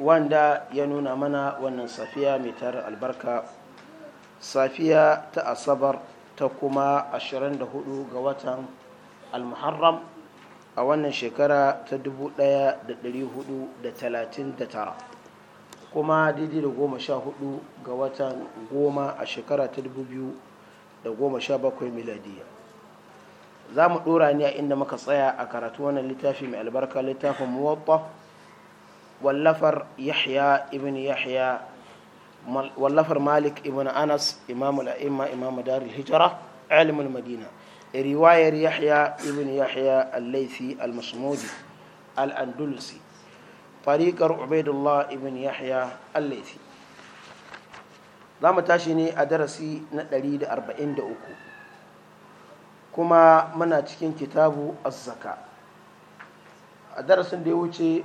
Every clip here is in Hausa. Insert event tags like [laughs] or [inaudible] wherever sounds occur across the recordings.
wanda ya nuna mana wannan safiya mai tarin albarka safiya ta asabar ta kuma 24 ga watan almuharram a wannan shekara ta 1439 kuma daidai da goma sha hudu ga watan goma a shekara ta 2017 miladiya za mu dora ne a inda muka tsaya a karatu wannan littafi mai albarka littafin muwabba wallafar malik ibn anas imamul a'imma imamu darul hijra madina riwayar yahya ibn yahya al-laythi al-masmudi al-andalusi tariqar ubaidullah ibn yahya al-laythi za mu tashi ne a darasi na ɗari da da uku. kuma muna cikin kitabu az-zaka a darasin da ya wuce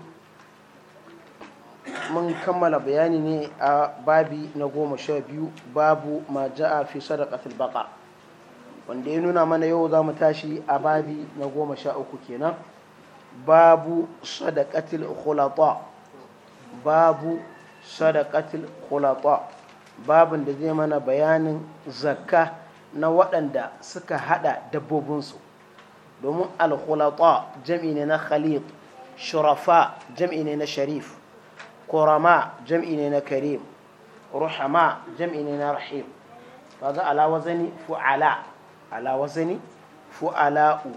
mun kammala bayani ne a babi na goma sha biyu babu ma ja'a fi sadaqatil baqa wanda ya nuna mana yau za mu tashi a babi na goma sha uku kenan babu sadaqatil khulata babu sadaqatil khulata babin da zai mana bayanin zakka na waɗanda suka hada dabbobinsu domin al-khulata jam'i ne na khalid shurafa jam'i ne na sharif kurama jam'i ne na karim ruhama jam'i ne na rahim kaga ala wazani fu'ala ala wazani fu'ala'u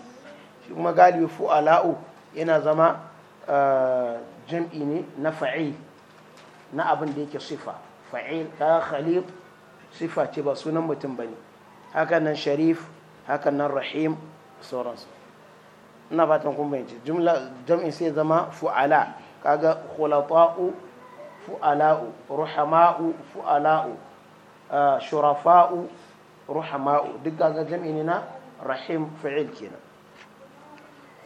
galibi fu'ala'u yana zama jam'i ne na fa'il na abin da yake sifa fa'il kaga khalid sifa ce ba sunan mutum bane hakan nan sharif hakan nan rahim sauransu ina fatan kuma bayyance jam'i sai zama fu'ala kaga khulata'u fu'ala'u ruhama'u fu'ala'u uh, shurafa'u ruhama'u duk gaza jami'i na rahim fa'il kenan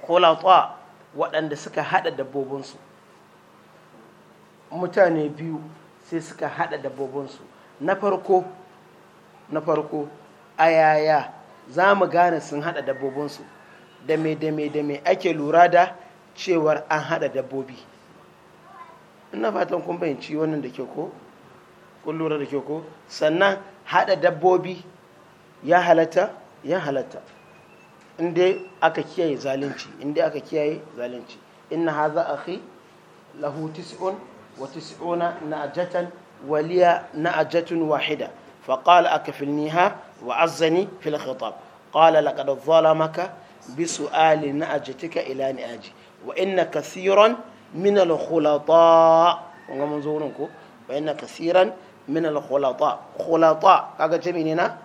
khulata waɗanda suka haɗa dabbobinsu mutane biyu sai suka haɗa dabbobinsu na farko na farko a yaya za mu gane sun haɗa dabbobinsu da me da me da me ake lura da cewar an haɗa dabbobi ina fatan kun bayanci wannan da ke ko kun lura da ke ko sannan haɗa dabbobi ya halatta ya halatta inda aka kiyaye zalunci inda aka kiyaye zalunci inna haza akhi lahu tis'un wa tis'una na'jatan waliya na'jatun wahida fa wa azzani أكفلنيها وعزني في الخطاب قال لقد ظلمك بسؤال ila إلى wa inna كثيرا Minal al-khulata kun ko wa kasiran min al-khulata khulata kaga jami ne na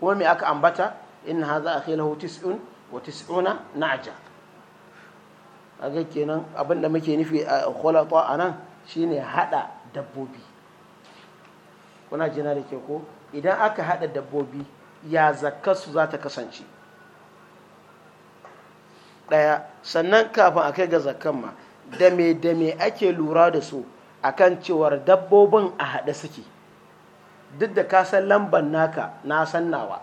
kuma me aka ambata in hadha akhi lahu tis'un wa tis'una na'ja kenan abinda muke nufi a khulata anan shine haɗa dabbobi kuna jina da ke ko idan aka haɗa dabbobi ya zakkarsu za ta kasance ɗaya sannan kafin a kai ga zakkan ma da me da me ake lura da su akan cewar dabbobin a haɗe suke duk da kasan lamban naka na san nawa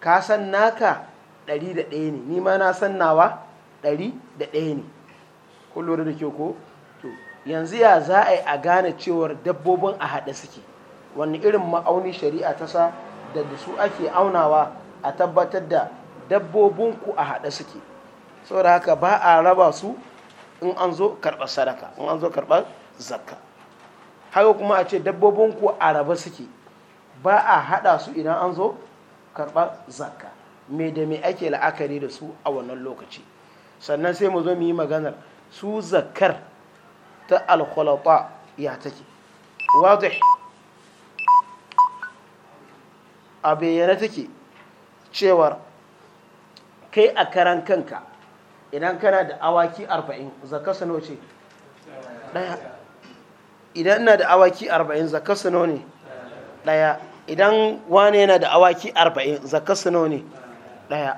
ka naka ɗari da ɗaya ne ni ma na san nawa ɗari da ɗaya ne ku lura da ke ko to yanzu ya za a yi a gane cewar dabbobin a haɗe suke wani irin ma'auni shari'a ta sa da da su ake aunawa a tabbatar da dabbobinku a haɗe suke saboda haka ba a raba su in an zo karɓar sadaka in an zo karɓar zakka haka kuma a ce dabbobin ku a raba suke ba a haɗa su idan an zo karɓar zakka me da me ake la'akari da su a wannan lokaci sannan sai mu zo mu yi maganar su zakkar ta alkhulata ya take wadih a bayyana take cewar kai a karan kanka idan kana da awaki arba'in zakasa nawa ce ɗaya idan na da awaki arba'in zakasa nawa ne ɗaya idan wane yana da awaki arba'in zakasa nawa ne ɗaya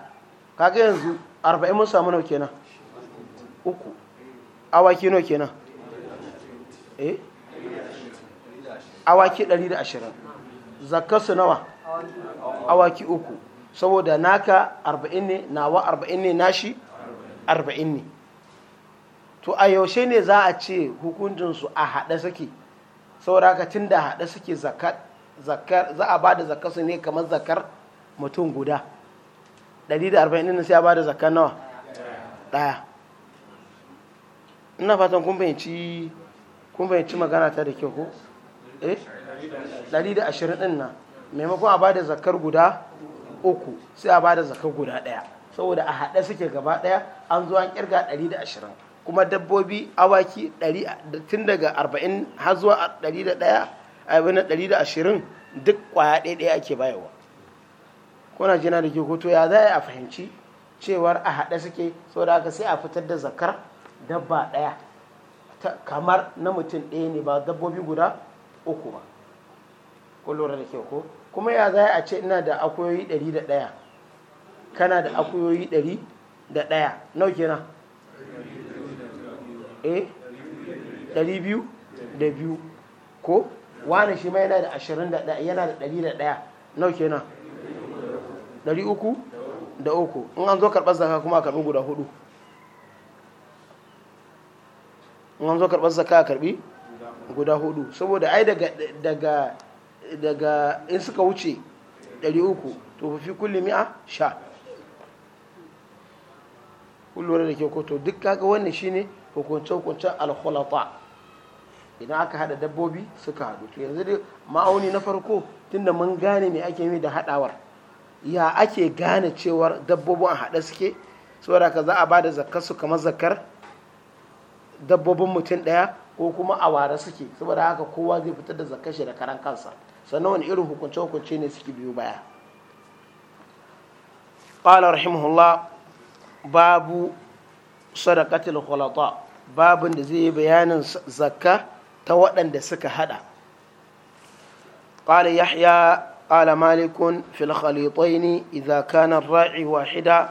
kaga yanzu arba'in mun samu nawa kenan uku awaki nawa kenan eh awaki 120 zakasa nawa awaki uku saboda naka arba'in ne nawa arba'in ne nashi arba'in ne to a yaushe ne za a ce hukuncinsu a haɗe suke sauraka tun da haɗe suke za a ba da zakarsu ne kamar zakar mutum guda 140 ɗin sai a ba da zakar nawa ɗaya ina fatan kun fahimci magana ta da kyau ko eh 120 ɗin na maimakon a ba da zakar guda uku sai a ba da zakar guda ɗaya saboda a haɗe suke gaba ɗaya an zo an kirga 120 kuma dabbobi awaki tun daga 40 har zuwa 101 abin 120 duk kwaya ɗaya ɗaya ake bayarwa kuna jina da ke hoto ya za a fahimci cewar a haɗe suke saboda aka sai a fitar da zakar dabba ɗaya kamar na mutum ɗaya ne ba dabbobi guda uku ba kun da kyau ko kuma ya za a ce ina da akwai ɗari da ɗaya kana da akuyoyi ɗari da ɗaya nau kenan eh ɗari biyu da biyu ko wani shi ma yana da ashirin da ɗaya yana da ɗari da ɗaya nau kenan ɗari uku da uku in an zo karɓar zaka kuma a karɓi guda hudu in an zo karɓar zaka a karɓi guda hudu saboda ai daga in suka wuce ɗari uku to fi kulli mi'a sha kun da ke koto duk kaga wannan shine hukunce hukuncen alkhulata idan aka hada dabbobi suka hadu to yanzu dai ma'auni na farko tunda mun gane me ake yi da hadawar ya ake gane cewar dabbobin a hada suke saboda ka za a bada zakar su kamar zakar dabbobin mutum daya ko kuma a ware suke saboda haka kowa zai fitar da zakar shi da karan kansa sannan wani irin hukunce hukunce ne suke biyu baya قال رحمه الله باب صدقة الخلطاء باب زي بيان زكاة توأدا دسك هذا قال يحيى قال مالك في الخليطين إذا كان الراعي واحدا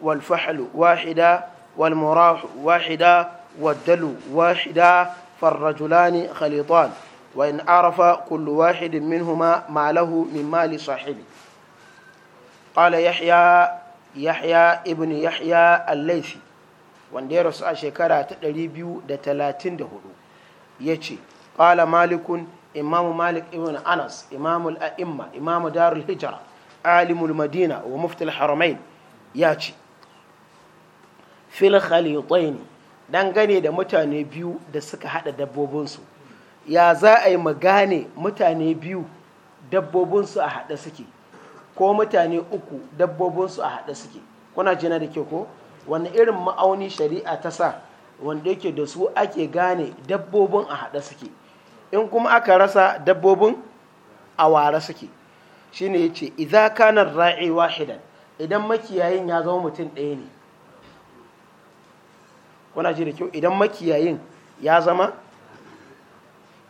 والفحل واحدا والمراح واحدا والدلو واحدا فالرجلان خليطان وإن عرف كل واحد منهما ما له من مال صاحبه قال يحيى yahya ibn yahya al-laifi wanda ya rasu a shekara ta 234 ya ce ƙala malikun imamu malik ibn anas imamu al'imma imamu darul hijira alimul madina wa muftil haramain ya ce fil khalitain dangane da mutane biyu da suka hada dabbobinsu ya za a yi magane mutane biyu dabbobinsu a hada suke ko mutane uku dabbobinsu a haɗe suke kuna jina da ke ko wani irin ma'auni shari'a ta sa wanda yake da su ake gane dabbobin a haɗe suke in kuma aka rasa dabbobin a ware suke shine ya ce idza kanar ra'i wahidan idan makiyayin ya zama mutum ɗaya ne kuna ji da kyau idan makiyayin ya zama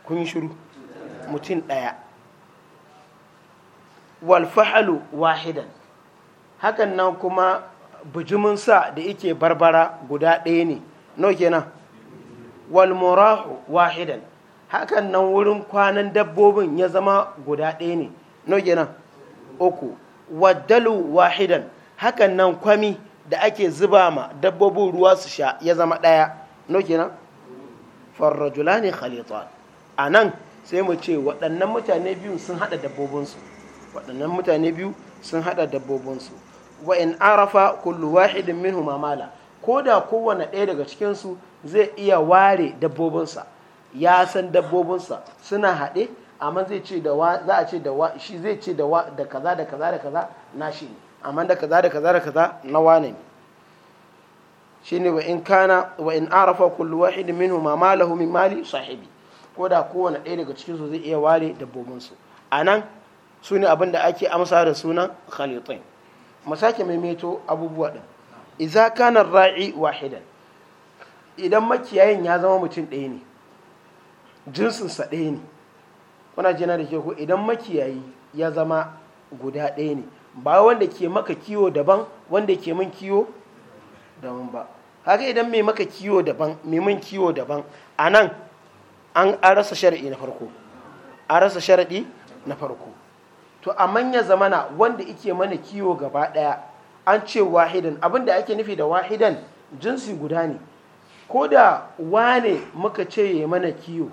kun shuru mutum ɗaya Walfahalu wahidan hakan nan kuma bujumin da yake barbara guda ɗaya ne no kenan wal wahidan hakan nan wurin kwanan dabbobin ya zama guda ɗaya ne no kenan uku waddalu wahidan hakan nan kwami da ake zuba ma dabbobin ruwa su sha ya zama ɗaya no kenan farrajulani khalitan a nan sai mu ce waɗannan mutane biyu sun haɗa dabbobinsu waɗannan mutane biyu sun haɗa dabbobinsu wa in arafa kullu wahidin minhu mamala ko da kowane ɗaya daga cikinsu zai iya ware dabbobinsa ya san dabbobinsa suna haɗe amma zai ce da za a ce da shi zai ce da da kaza da kaza da kaza na shi ne amma da kaza da kaza da kaza na wane ne shine wa in kana wa in arafa kullu wahidin minhu ma malahu min mali sahibi ko da kowane ɗaya daga cikinsu zai iya ware dabbobinsu a nan su ne abin da ake amsa da sunan khalitain mu sake maimaito abubuwa ɗin iza kanar ra'i wahidan idan makiyayin ya zama mutum ɗaya ne jinsinsa ɗaya ne kuna jina da ke ku idan makiyayi ya zama guda ɗaya ne ba wanda ke maka kiwo daban wanda ke min kiwo daban ba haka idan mai maka kiwo daban mai min kiwo daban a nan an rasa shari'i na farko a rasa na farko to a manyan zamana wanda ike mana kiwo gaba daya an ce wahidan abin da ake nufi da wahidan jinsi guda ne ko da wane muka ce ya mana kiwo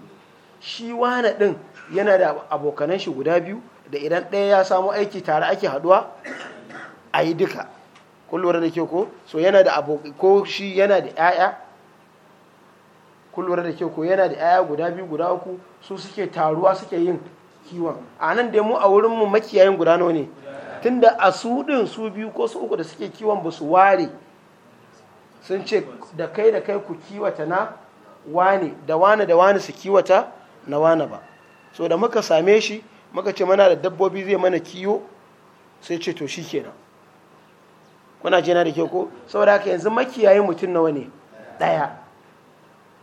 shi wane din yana da abokanan shi guda biyu da idan ɗaya ya samu aiki tare ake haduwa a yi duka kullura da ke ko so yana da abokan ko shi yana da 'ya'ya kullura da ke ko yana da 'ya'ya guda biyu guda uku su suke taruwa suke yin kiwon a nan dai mu a wurin mu makiyayin guda nawa ne tunda a su din su biyu ko su uku da suke kiwon ba su ware sun ce da kai da kai ku kiwata na wane da wane da wane su kiwata na wane ba so da muka same shi muka ce mana da dabbobi zai mana kiwo sai ce to shi kenan kuna jina da ke ko saboda haka yanzu makiyayi mutum nawa ne ɗaya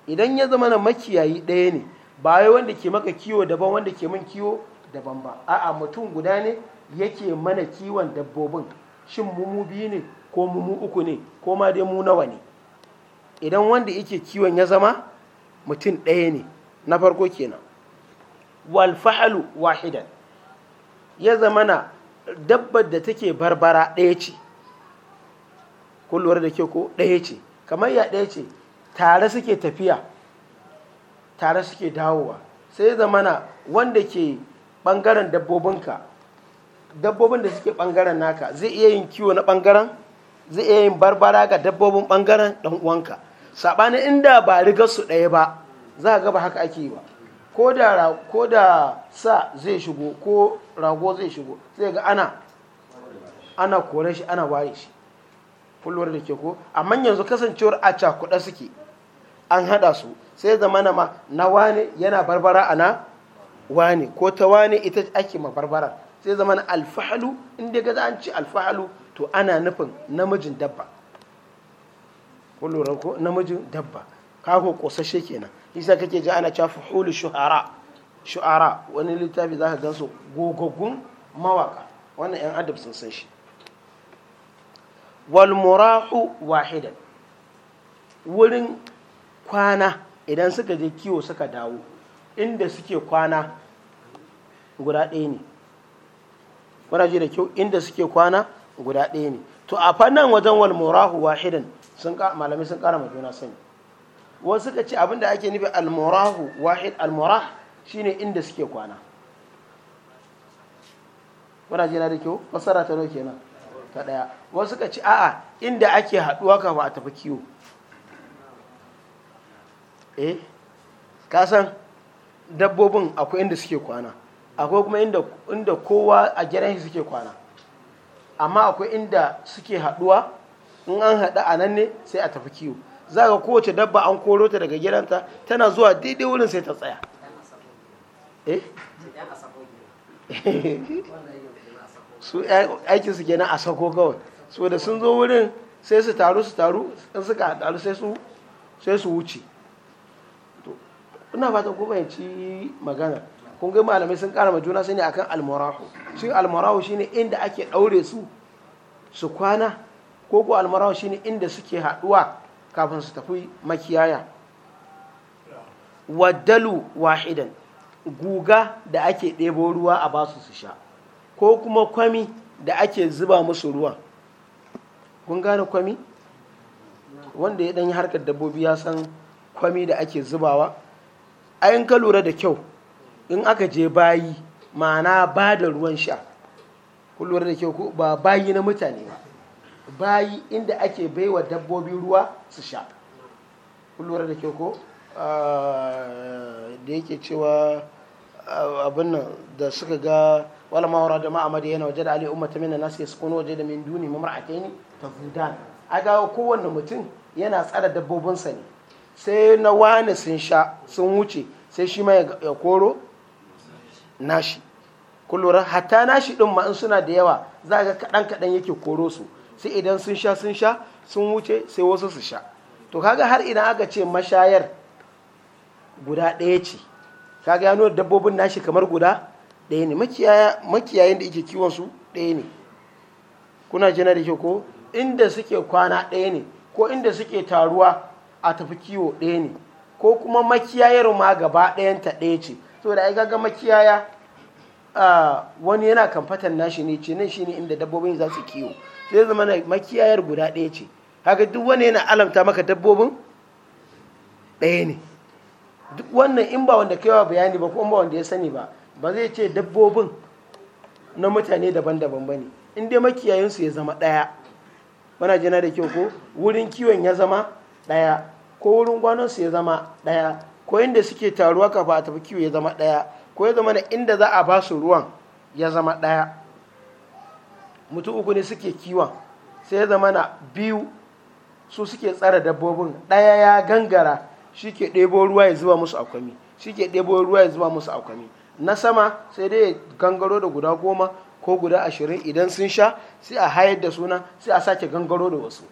idan ya zama na makiyayi ɗaya ne ba wai wanda ke maka kiwo daban wanda ke min kiwo daban ba a'a mutum guda ne yake mana kiwon dabbobin shin mumu biyu ne ko mumu uku ne ko ma dai mu nawa ne idan wanda yake kiwon ya zama mutum ɗaya ne na farko kenan wal fa'alu wahidan ya zama na dabbar da take barbara ɗaya ce kullum da ke ko ɗaya ce kamar ya ɗaya ce tare suke tafiya tare suke dawowa sai zamana wanda ke ɓangaren dabbobinka dabbobin da suke ɓangaren naka zai iya yin kiwo na ɓangaren zai iya yin barbara ga dabbobin ɓangaren dan uwanka saɓanin inda ba rigar su ɗaya ba za ga ba haka ake yi ba ko da sa zai shigo ko rago zai shigo sai ga ana ana kore shi ana ware shi kullum da ke ko amma yanzu kasancewar a cakuɗa suke an haɗa su sai zama na ma na wani yana barbara a na wani ko ta wani ita ake ma barbara sai zama na alfahalu inda gaza an ci alfahalu to ana nufin namijin dabba kullum ko namijin dabba kako kosashe kenan isa kake ji ana cewa fuhulu shuhara shu'ara wani littafi za ka gan su gogaggun mawaka wannan 'yan adab sun san shi walmurahu wahidan wurin kwana idan suka je kiwo suka dawo inda suke kwana guda ɗaya ne kuna ji da kyau inda suke kwana guda ɗaya ne to a fannin wajen walmorahu wahidan sun malami sun kara juna sani wasu suka ce abinda ake nufi almorahu wahid almorah shine inda suke kwana kuna ji na da kyau fasara ta nau kenan ta ɗaya wasu suka ce a'a inda ake haɗuwa kafa a tafi kiwo eh kasan dabbobin akwai inda suke kwana akwai kuma inda kowa a gidan shi suke kwana amma akwai inda suke haduwa in an haɗa a nan ne sai a tafi kiwo za ga kowace dabba an koro ta daga gidanta tana zuwa daidai wurin sai ta tsaya eh? [laughs] su aikin su kenan a sako kawai so da sun zo wurin sai su taru su taru in suka taru sai su wuce ina fata ku ci magana kun ga malamai sun kara juna sani akan almarahu shin almarahu shine inda ake daure su su kwana ko ko almarahu shine inda suke haduwa kafin su tafi makiyaya wadalu wahidan guga da ake ɗebo ruwa a basu su sha ko kuma kwami da ake zuba musu ruwa kun gane kwami wanda ya ɗanyi harkar dabbobi ya san kwami da ake zubawa ayin ka lura da kyau in aka je bayi ma'ana ba da ruwan sha kun lura da kyau ba bayi na mutane ba bayi inda ake baiwa dabbobi ruwa su sha kun lura da kyau ko ah, da yake cewa ah, abin nan da suka ga wala mawara da ma'amadi yana waje da ali ta mina nasu ya sukuna waje da min duni mamar ake ne ta fudan ga kowane mutum yana tsara dabbobinsa ne sai na wane sun sha sun wuce sai shi mai ya koro nashi kullura hatta nashi din ma in suna da yawa za ga kaɗan kaɗan yake koro su sai idan sun sha sun sha sun wuce sai wasu su sha to kaga har idan aka ce mashayar guda ɗaya ce kaga ya nuna dabbobin nashi kamar guda ɗaya ne makiyayin da yake kiwon su ɗaya ne kuna jina da ke ko inda suke kwana ɗaya ne ko inda suke taruwa a tafi kiwo ɗaya ne ko kuma makiyayar ma gaba ɗayanta ɗaya ce saboda aika ga makiyaya wani yana kamfatan nashi ne ce nan shine inda dabbobin za su kiwo sai zama makiyayar guda ɗaya ce haka duk wani yana alamta maka dabbobin ɗaya ne duk wannan in ba wanda kaiwa bayani ba ko ba wanda ya sani ba ba zai ce dabbobin na mutane daban-daban ba ne in dai makiyayinsu ya zama ɗaya mana jina da kyau ko wurin kiwon ya zama ɗaya ko wurin gwanonsu ya zama ɗaya ko inda suke taruwa kafa a tafi kiwo ya zama ɗaya ko ya zama inda za a ba su ruwan ya zama ɗaya mutu uku ne suke kiwon sai ya zama na biyu su suke tsara dabbobin ɗaya ya gangara shi ke ɗebo ruwa ya zuba musu akwami shi ke ɗebo ruwa ya zuba musu akwami na sama sai dai gangaro da guda goma ko guda ashirin idan sun sha sai a hayar da suna sai a sake gangaro da wasu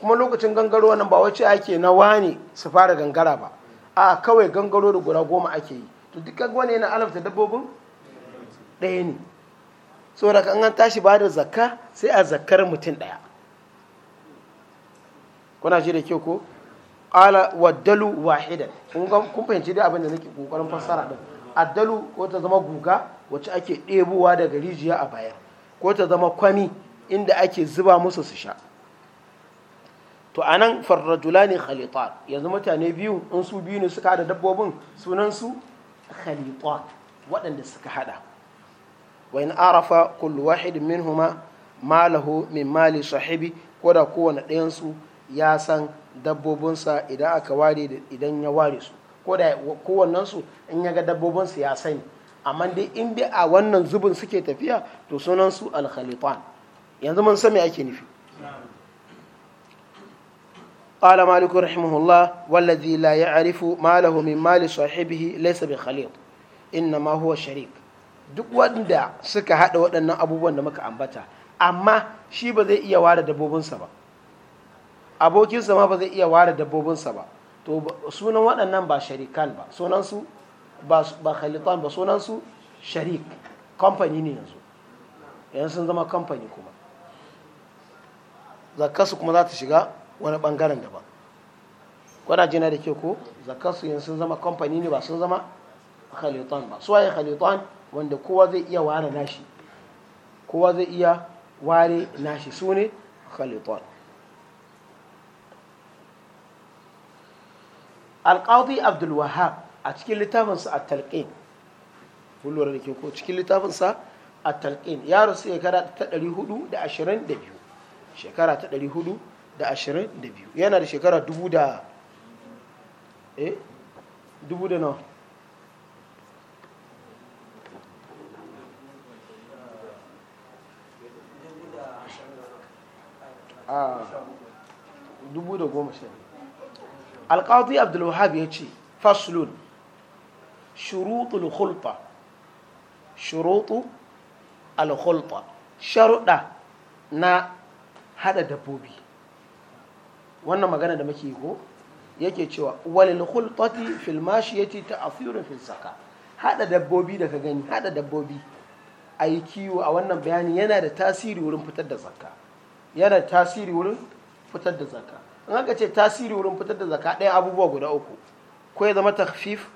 kuma lokacin gangaro nan ba wace ake na wani su fara gangara ba a kawai gangaro da guda goma ake yi to duk kaga wani yana alafta dabbobin ɗaya ne saboda kan an tashi ba da zakka sai a zakkar mutum ɗaya kuna ji da kyau ko ala waddalu wahidan kun kun fahimci dai abin da nake kokarin fassara din addalu ko ta zama guga wacce ake ɗebowa daga rijiya a baya ko ta zama kwami inda ake zuba musu su sha to a nan farrajulani khalitan yanzu mutane biyu in su biyu ne suka hada dabbobin sunansu su waɗanda suka hada wa in arafa kullu wahid minhuma malahu min mali sahibi ko da kowane ɗayan ya san dabbobinsa idan aka ware idan ya ware su ko da kowannen in ya ga ya sani amma dai in bi a wannan zubin suke tafiya to sunansu su al-khalitan yanzu mun san ake nufi قال مالك رحمه الله والذي لا يعرف ما له من مال صاحبه ليس بخليط إنما هو شريك duk wanda suka hada waɗannan abubuwan da muka ambata amma shi ba zai iya ware dabbobinsa ba abokinsa ma ba zai iya ware dabbobinsa ba to sunan waɗannan ba sharikan ba sunansu ba khalitan ba sunansu sharik kamfani ne yanzu yanzu sun zama kamfani kuma zakkarsu kuma za ta shiga wani bangaren daban kwadaje na da ke ko zakar su yin sun zama kamfani ne ba sun zama khalitan ba su waye khalitan wanda kowa zai iya ware nashi kowa zai iya ware nashi su ne khalitan alƙawdi abdul wahab a cikin littafinsa a talqin kullum da ke ko cikin littafinsa a talqin ya rasu shekara ta 422 shekara ta 422 da ashirin da biyu yana da shekara dubu da eh dubu da nawa a ah, dubu da goma sha alƙawar abdulwahab ya ce fasulun shuruɗu lukulta shuruɗu alukulta sharuɗa na hada dabbobi wannan magana da muke ko yake cewa walil khultati fil mashiyati ta'thirun fil saka hada dabbobi da ka gani hada dabbobi ayi kiwo a wannan bayani yana da tasiri wurin fitar da zakka yana da tasiri wurin fitar da zakka in aka ce tasiri wurin fitar da zakka ɗaya abubuwa guda uku ko ya zama takhfif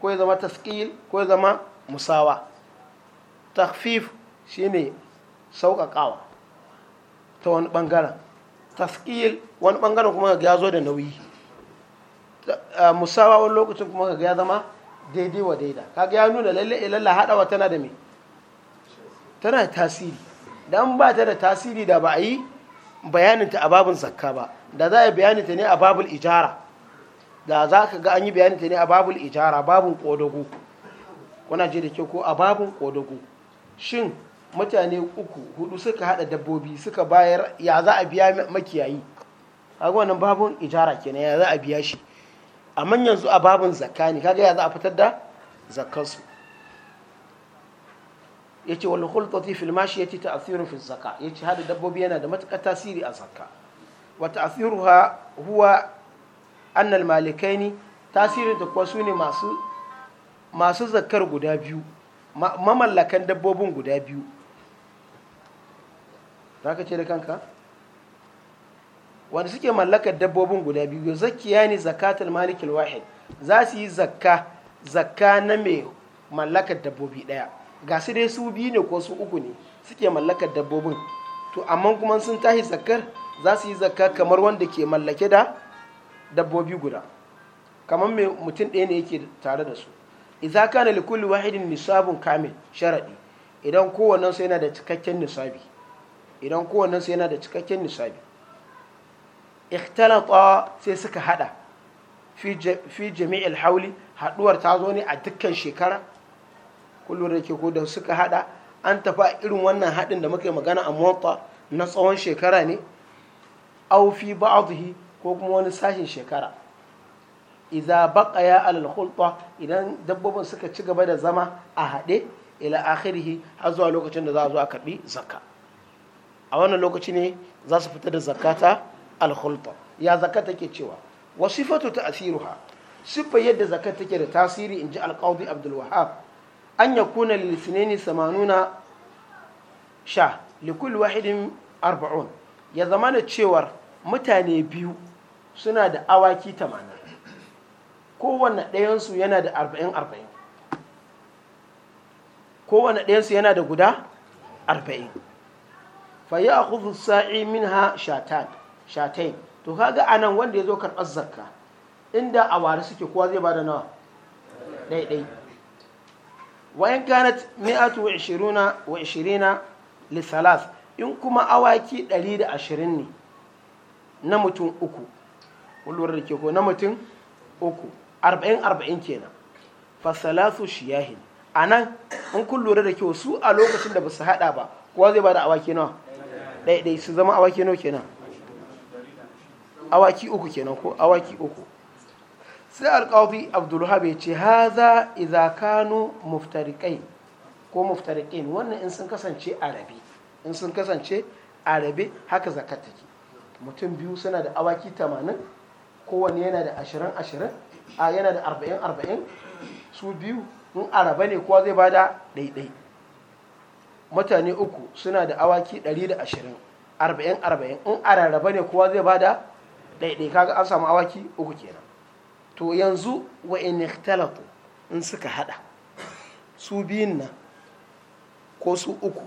ko ya zama taskil ko ya zama musawa takhfif shine sauƙaƙawa ta wani ɓangaren taskil wani bangaren kuma ga ya zo da nauyi musawa wani lokacin kuma ga ya zama daidai wa daida kaga ya nuna lalle ilalla eh, hadawa tana da me tana da tasiri dan ba ta da tasiri da ba a yi bayaninta a babin zakka ba da za a bayani ta ne a babul ijara da za ka ga an yi ta ne a babul ijara babun kodogo kuna ji da ke ko a babun kodogo shin mutane uku hudu suka hada dabbobi suka bayar ya za a biya makiyayi kaga wannan babun ijara kenan ya za a biya shi amma yanzu a babun zakka ne kaga ya za a fitar da zakkansu yace wal khultati fil mashiyati ta'thirun fi zakka yace hada dabbobi yana da matukar tasiri a zakka wa ta'thiruha huwa an al malikaini tasirin da kuwa sune masu masu zakkar guda biyu mamallakan dabbobin guda biyu za ka ce da kanka wanda suke mallakar dabbobin guda biyu zakiya ne zakatul malikil wahid za su yi zakka zakka na mai mallakar dabbobi daya ga su dai su biyu ne ko su uku ne suke mallakar dabbobin to amma kuma sun tahi zakkar za su yi zakka kamar wanda ke mallake da dabbobi guda kamar mai mutum ɗaya ne yake tare da su idza kana likulli wahidin nisabun kamil sharadi idan kowannen sai yana da cikakken nisabi idan kowannen su yana da cikakken nisabi ikhtalata sai suka hada fi jami'il hauli haduwar ta zo ne a dukkan shekara kullum da ke da suka hada an tafa irin wannan hadin da muka yi magana a mota na tsawon shekara ne au fi ba'dhi ko kuma wani sashin shekara idza baqaya ya khulta idan dabbobin suka ci gaba da zama a hade ila akhirih har zuwa lokacin da za a zo a karbi zakka a wannan lokaci ne za su fita da zakata alkhulta ya zakata ke cewa wasifatu ta'siruha sifa yadda zakata take da tasiri inji alqadi abdul wahhab an yakuna lil sunaini 80 sha likul wahidin 40 ya zamana cewar mutane biyu suna da awaki 80 kowanne ɗayansu yana da 40 40 kowanne ɗayansu yana da guda arba'in. fa ya khudhu sa'i min shatan shatain to kaga anan wanda ya zo karɓar zakka inda a wari suke kowa zai bada nawa ɗaiɗai wayan kanat mi'atu wa ishirina wa ishirina lissalas in kuma awaki ɗari da ashirin ne na mutum uku kullum da ke ko na mutum uku arba'in arba'in kenan fasalasu shiyahin a nan in kun lura da ke su a lokacin da ba su haɗa ba kowa zai bada awaki nawa ɗaya su zama awaki nau kenan awaki uku kenan ko awaki uku sai alƙawafi abdullahi ya ce haza iza kano muftarikai ko muftariqin wannan in sun kasance arabi in sun kasance arabi haka zakat take mutum biyu suna da awaki tamanin kowane yana da ashirin ashirin a yana da arba'in arba'in su biyu in araba ne kowa zai bada ɗaiɗai mutane uku suna da awaki 120 arba'in arba'in in a rarraba ne kowa zai bada ɗaiɗai kaga an samu awaki uku kenan to yanzu wa in ikhtalatu in suka hada su biyun nan ko su uku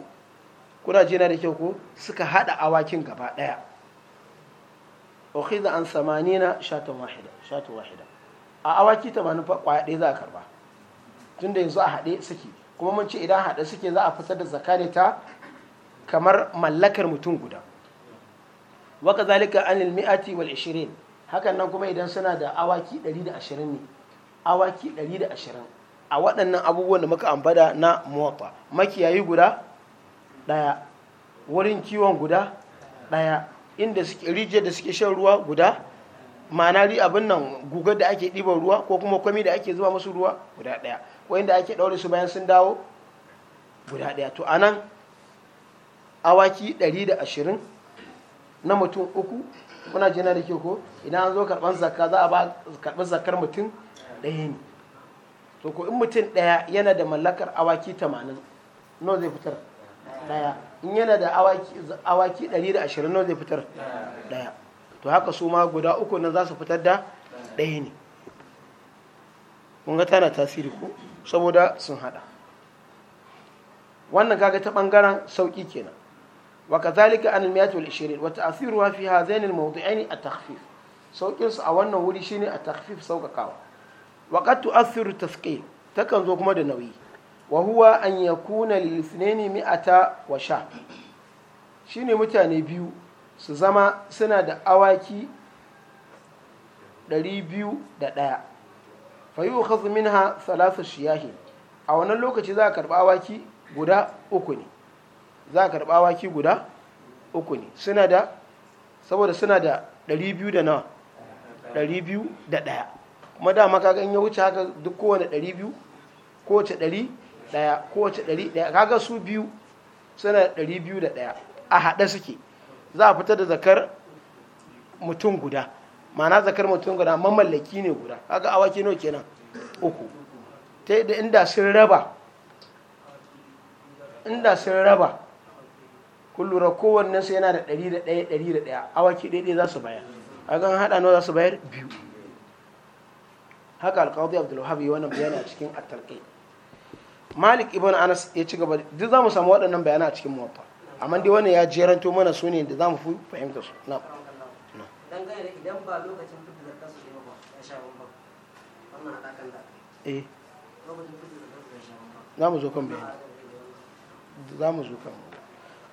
kuna jina da kyau ko suka hada awakin gaba ɗaya. daya da an samani na wahida shatan wahida a awaki 80 fa kwaya ɗaya za a karba tunda yanzu a haɗe suke kuma mun ce idan haɗe suke za a fitar da zakka ta kamar mallakar mutum guda waka zalika anil mi'ati wal 20 hakan nan kuma idan suna da awaki 120 ne awaki 120 a waɗannan abubuwan da muka ambada na mota makiyayi guda ɗaya wurin kiwon guda ɗaya inda suke rijiyar da suke shan ruwa guda ma'ana abin nan gugar da ake ɗiban ruwa ko kuma kwami da ake zuba musu ruwa guda ɗaya inda ake ɗaure su bayan sun dawo guda ɗaya to anan awaki 120 na mutum uku kuna jina da ke ko idan an zo karɓar zakka za a ba karɓar zakkar mutum ɗaya ne to ko in mutum ɗaya yana da mallakar awaki 80 no zai fitar ɗaya in yana da awaki 120 no zai fitar ɗaya to haka su ma guda uku na za su fitar da ɗaya ne kun ga tana tasiri ko saboda sun hada wannan kaga ta bangaren sauki kenan wa kazalika an al-mi'at wal 20 wa ta'thiruha fi hadhain al-mawdi'ain at-takhfif saukin su a wannan wuri shine at-takhfif saukakawa wa qad tu'athiru ta takan zo kuma da nauyi wa huwa an yakuna lil ithnaini mi'ata wa sha shine mutane biyu su zama suna da awaki 201 fa yu'khadhu minha thalathu shiyahi a wannan lokaci za a karba awaki guda uku ne za a karba awaki guda uku ne suna da saboda suna da 200 da nawa 200 da daya kuma da maka ga in ya wuce haka duk kowane 200 kowace 100 daya kowace 100 kaga su biyu suna da 200 da daya a haɗe suke za a fitar da zakar mutum guda ma'ana zakar mutum guda mamallaki ne guda haka awaki nawa kenan uku ta da inda sun raba inda sun raba kullura kowanne sai yana da ɗari da ɗaya ɗari da ɗaya awaki ɗaya za su bayar hakan haɗa nawa za su bayar biyu haka alƙawar abdulwahab yi wannan bayani a cikin attalƙi malik ibn anas ya ci gaba duk za mu samu waɗannan bayanai a cikin muwatta amma dai wannan ya jeranto mana su ne da za mu fahimta su na'am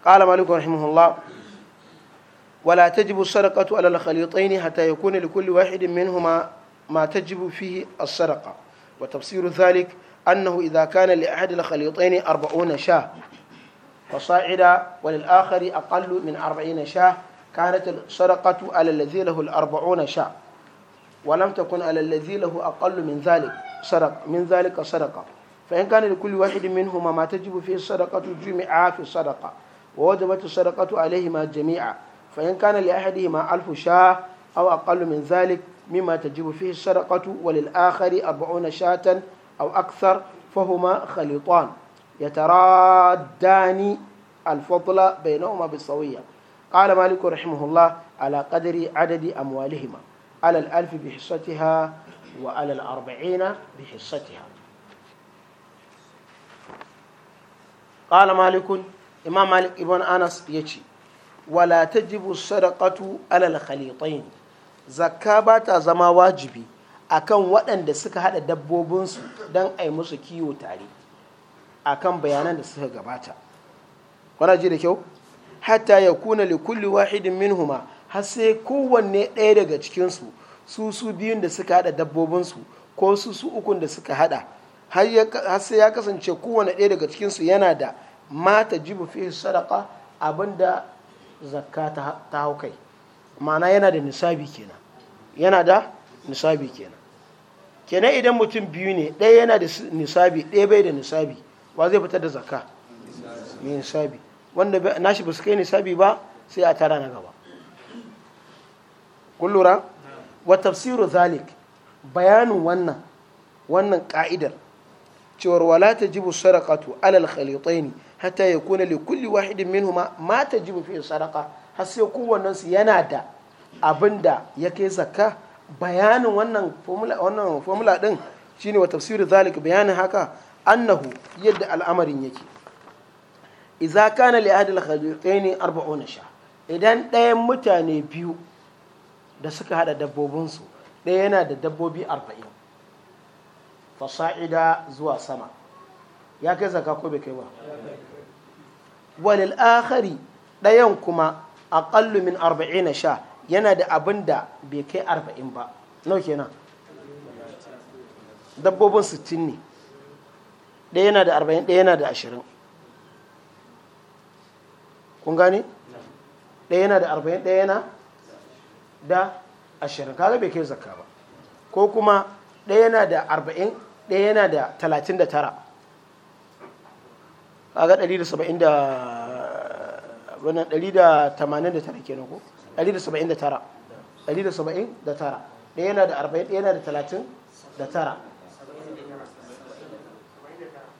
قال مالك رحمه الله ولا تجب السرقة على الخليطين حتى يكون لكل واحد منهما ما تجب فيه السرقة وتفسير ذلك أنه إذا كان لأحد الخليطين أربعون شاه فصاعدا وللآخر أقل من أربعين شاه كانت الصدقة على الذي له الأربعون شاء ولم تكن على الذي له أقل من ذلك صدق من ذلك صدقة فإن كان لكل واحد منهما ما تجب فيه الصدقة جمع في الصدقة ووجبت الصدقة عليهما جميعا فإن كان لأحدهما ألف شاة أو أقل من ذلك مما تجب فيه الصدقة وللآخر أربعون شاة أو أكثر فهما خليطان يترادان الفضل بينهما بالسوية قال مالك رحمه الله على قدر عدد أموالهما على الألف بحصتها وعلى الأربعين بحصتها قال مالك إمام مالك ابن أنس يجي ولا تجب الصدقة على الخليطين zakka زما واجبي akan waɗanda suka haɗa dabbobinsu don a yi musu kiwo tare akan bayanan da suka gabata. Kwana ji da kyau? hatta ya kuna likulli wahidin minhuma har sai kowanne ɗaya daga cikinsu su su biyun da suka haɗa dabbobinsu ko su su ukun da suka haɗa har sai ya kasance kowanne ɗaya daga cikinsu yana da mata jibu fi sadaka abinda zakka ta hau kai ma'ana yana da nisabi kenan yana da nisabi kenan kenan idan mutum biyu ne ɗaya yana da nisabi ɗaya bai da nisabi wa zai fitar da zakka mai nisabi wanda nashi ba su kai nisabi ba sai a tara na gaba kun lura wa tafsiru zalik bayanin wannan wannan ka'idar cewar wala jibu sarakatu alal khalitaini hatta kuna li kulli wahidin minhuma ma ta jibu fi saraka har sai kowannen yana da abinda ya kai zakka bayanin wannan formula wannan formula din shine wa tafsiru zalik bayanin haka annahu yadda al'amarin yake iza kana li ahadil khaliqaini 40 sha idan ɗayan mutane biyu da suka hada dabbobinsu ɗaya yana da dabbobi 40 fasa'ida zuwa sama ya kai zaka ko bai kai ba walil akhari ɗayan kuma aqallu min 40 sha yana da abin da bai kai 40 ba nau kenan dabbobin 60 ne ɗaya yana da 40 ɗaya yana da ashirin. kun gane ɗaya yana da arba'in ɗaya yana da ashirin kaga bai kai zakka ba ko kuma ɗaya yana da arba'in ɗaya yana da talatin da tara kaga ɗari da saba'in da wannan ɗari da tamanin da tara kenan ko ɗari da saba'in da tara ɗari da saba'in da tara ɗaya yana da arba'in ɗaya yana da talatin da tara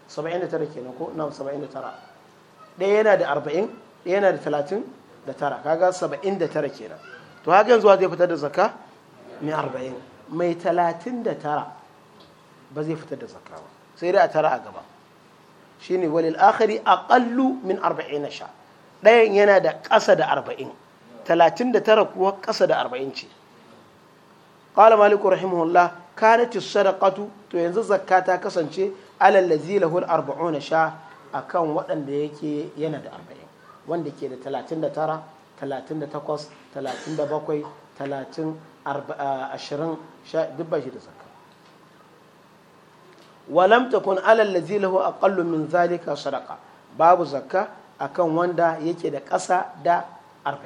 saba'in da tara kenan ko na saba'in da tara ɗaya yana da arba'in yana da talatin da tara kaga saba'in da tara kenan to haka yanzu zai fitar da zakka mai arba'in mai talatin da tara ba zai fitar da zakka ba sai dai a tara a gaba shi shine walil akhari aqallu min na sha ɗayan yana da ƙasa da arba'in talatin da tara kuwa ƙasa da arba'in ce ƙala maliku rahimahullah kanat sadaqatu to yanzu zakka ta kasance alal ladzi lahu arba'una sha akan waɗanda yake yana da arba'in wanda ke da 39 38 37 duk ba shi da zakka zalika sadaqa babu zakka akan wanda yake da ƙasa da 40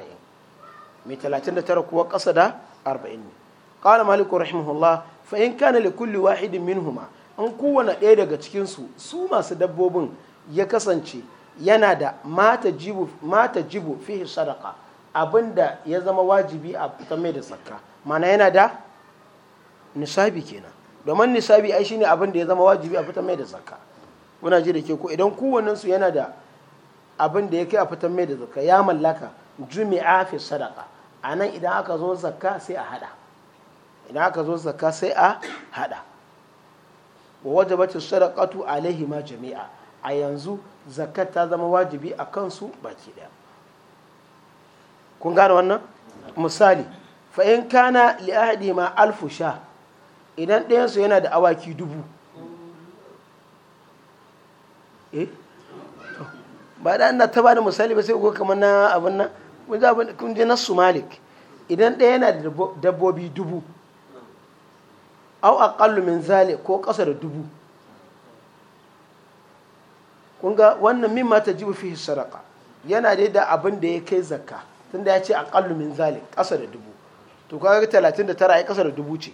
mai 39 kuwa ƙasa da 40 ne maliku rahimahullah fa kana li kulli wahidin minhuma an kowane ɗaya daga cikin su masu dabbobin ya kasance yana da mata jibu fihi sadaka abinda ya zama wajibi a fitan mai da zakka mana yana da nisabi kenan domin nisabi ai shine abin da ya zama wajibi a fitar mai da zakka muna ji da ke ko idan kowannen yana da abin ya kai a fitar mai da zakka ya mallaka jumi'a fi sadaka anan idan aka zo zakka sai a hada idan aka zo zakka sai a hada wa wajabatu sadakatu alaihi ma jami'a a yanzu zakat ta zama wajibi a kansu baki daya kun gane wannan misali fa'in kana li'ahadi ma alfu sha idan ɗayansu yana da awaki dubu eh ba da ana ta da misali ba sai ko kamar na abin nan kun je nasu malik idan ɗaya yana da dabbobi dubu au aqallu min zale ko ƙasa da dubu kun ga wannan mimma ta jibu fi sadaka yana dai da abin da ya kai zakka tunda ya ce aqallu min zalik kasa da dubu to kaga 39 ai kasa da dubu ce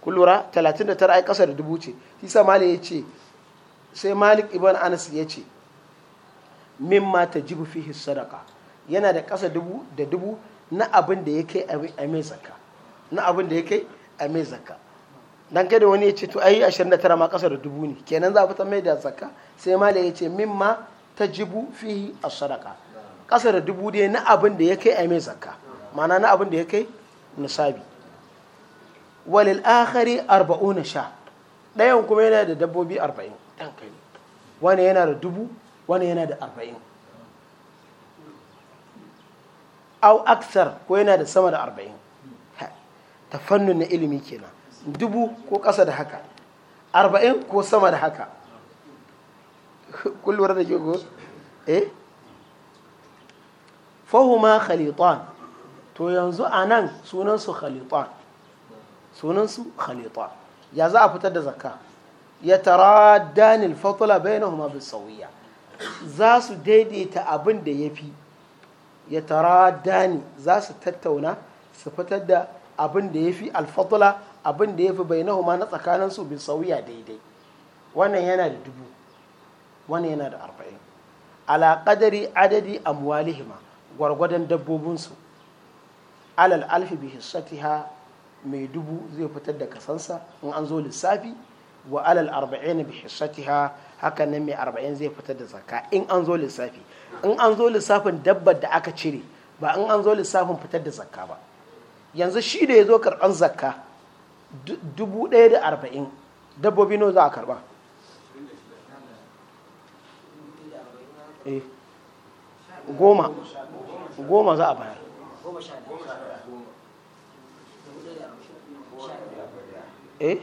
kun lura 39 ai kasa da dubu ce shi sa malik ya ce sai malik ibn anas ya ce mimma ta jibu fi sadaka yana da kasa dubu da dubu na abin da ya kai a mai zakka na abin da ya kai a mai zakka dan kada wani ya ce to ai 29 ma kasa da dubu ne kenan za a fitar mai da zakka sai malai ya ce mimma tajibu fihi as-sadaqa kasa da dubu dai na abin da ya kai a mai zakka ma'ana na abin da ya kai nisabi walil akhari 40 sha dayan kuma yana da dabbobi 40 dan kai wani yana da dubu wani yana da 40 au aksar ko yana da sama da 40 ta fannin na ilimi kenan dubu ko ƙasa da haka arba'in ko sama da haka kullum da eh fahuma khalitan to yanzu a nan sunansu khalitan sunansu khalitan ya za a fitar da zakka ya tara danil fatula bainahuma bisawiya za su daidaita abin da ya fi ya tara dani za su tattauna su fitar da abin da ya fi alfatula abin da ya fi bai ma na tsakaninsu bi sauya daidai wannan yana da dubu wannan yana da arba'in ala adadi adadi amwalihima gwargwadon dabbobinsu alal alfi bi hissatiha mai dubu zai fitar da kasansa in an zo lissafi wa alal arba'in bi hissatiha haka nan mai arba'in zai fitar da zakka in an zo lissafi in an zo lissafin dabbar da aka cire ba in an zo lissafin fitar da zakka ba yanzu shi da ya zo karɓar zakka dubu ɗaya da arba'in dabbobi nawa za a karba eh, goma goma za a bayar eh,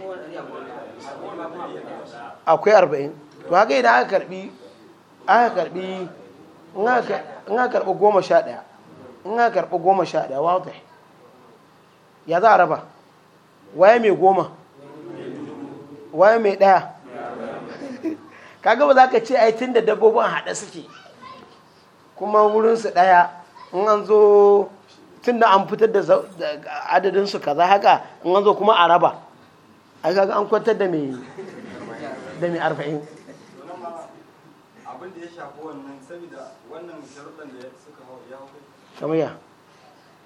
akwai arba'in to haka idan aka karbi aka karbi in aka karbi goma sha daya in aka karbi goma sha daya wata ya za a raba waye mai goma waye mai daya [laughs] kaga ba za ka ce ai tun da dabbobin haɗe suke kuma wurinsu daya in an zo tun da an fitar da adadinsu kaza haka in an zo kuma a raba ai kaga an kwantar da mai da mai arba'in abin da ya shafi wannan saboda wannan sharuɗan da suka hau ya hau kai kamar ya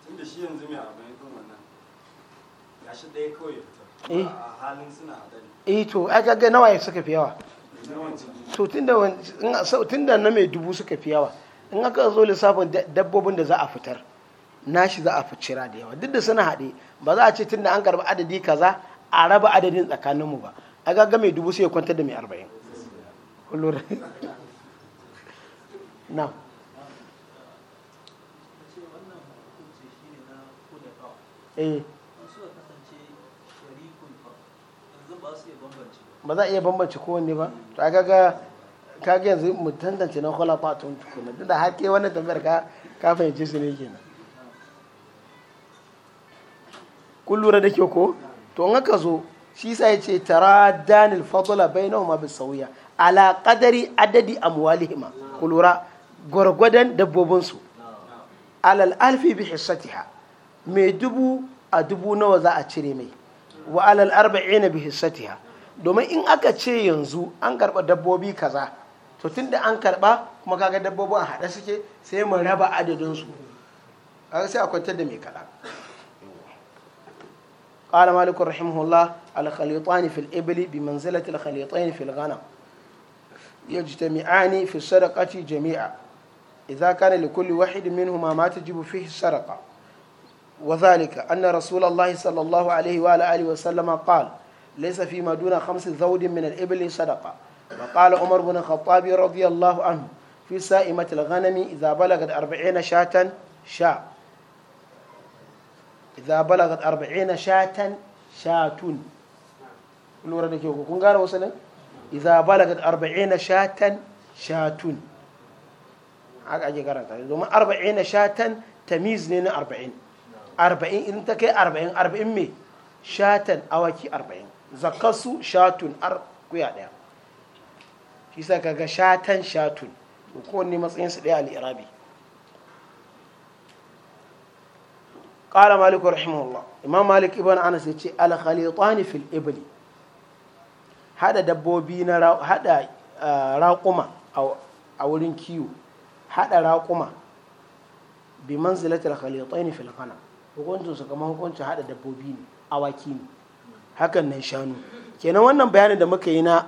tun da shi yanzu mai arba'in ɗin wannan kashi ɗaya kawai ya fita eh. a halin suna hadari eh to ai kaga nawaye suka fi yawa to tunda na mai dubu suka fi yawa in aka zo lissafin dabbobin da za a fitar nashi za a ficira da yawa duk da suna haɗe ba za a ce tunda an karɓi adadi kaza a raba adadin tsakaninmu ba a ga mai dubu sai ya kwantar da mai arba'in kullum [laughs] na eh ba za a iya bambance kowanne ba to a kaga kaga yanzu mu tantance na khulafa tun tukuna duk da haƙe wannan tambayar ka ka fahimce su ne kenan kun lura da kyau ko to in aka zo shi sa ya ce tara danil fadla bainahuma bis sauya ala qadari adadi amwalihima ku lura gwargwadon dabbobinsu alal alfi bi hissatiha mai dubu a dubu nawa za a cire mai wa alal arba'ina bi hissatiha domin in aka ce yanzu an karɓa dabbobi kaza to tun da an karɓa kuma kaga dabbobi a haɗe suke sai mu raba adadinsu kaga sai a kwantar da mai kaɗan قال مالك رحمه الله الخليطان في الإبل بمنزلة الخليطين في الغنم يجتمعان في السرقة جميعا إذا كان لكل واحد منهما ما تجب فيه السرقة وذلك أن رسول الله صلى الله عليه وآله وسلم قال ليس فيما دون خمس ذود من الإبل صدقة وقال عمر بن الخطاب رضي الله عنه في سائمة الغنم إذا بلغت أربعين شاة شاء إذا بلغت أربعين شاة شاة lura da kyau kun gane wasu nan idza balagat 40 shatan shatun haka ake karanta domin 40 shatan tamiz ne na 40 40 in ta kai 40 40 me shatan awaki 40 zakasu shatun ar kuya ɗaya shi sa kaga shatan shatun kowanne matsayinsu ɗaya al'irabi ƙala malik rahimahullah imam malik ibn anas ya ce alhalitani fil ibli hada dabbobi na hada ah, raƙuma a wurin kiwo hada raƙuma bi manzilatul khalitain fil ghanam hukuncin su kamar hukuncin hada dabbobi ne awaki ne hakan nan shanu kenan wannan bayanin da muka yi na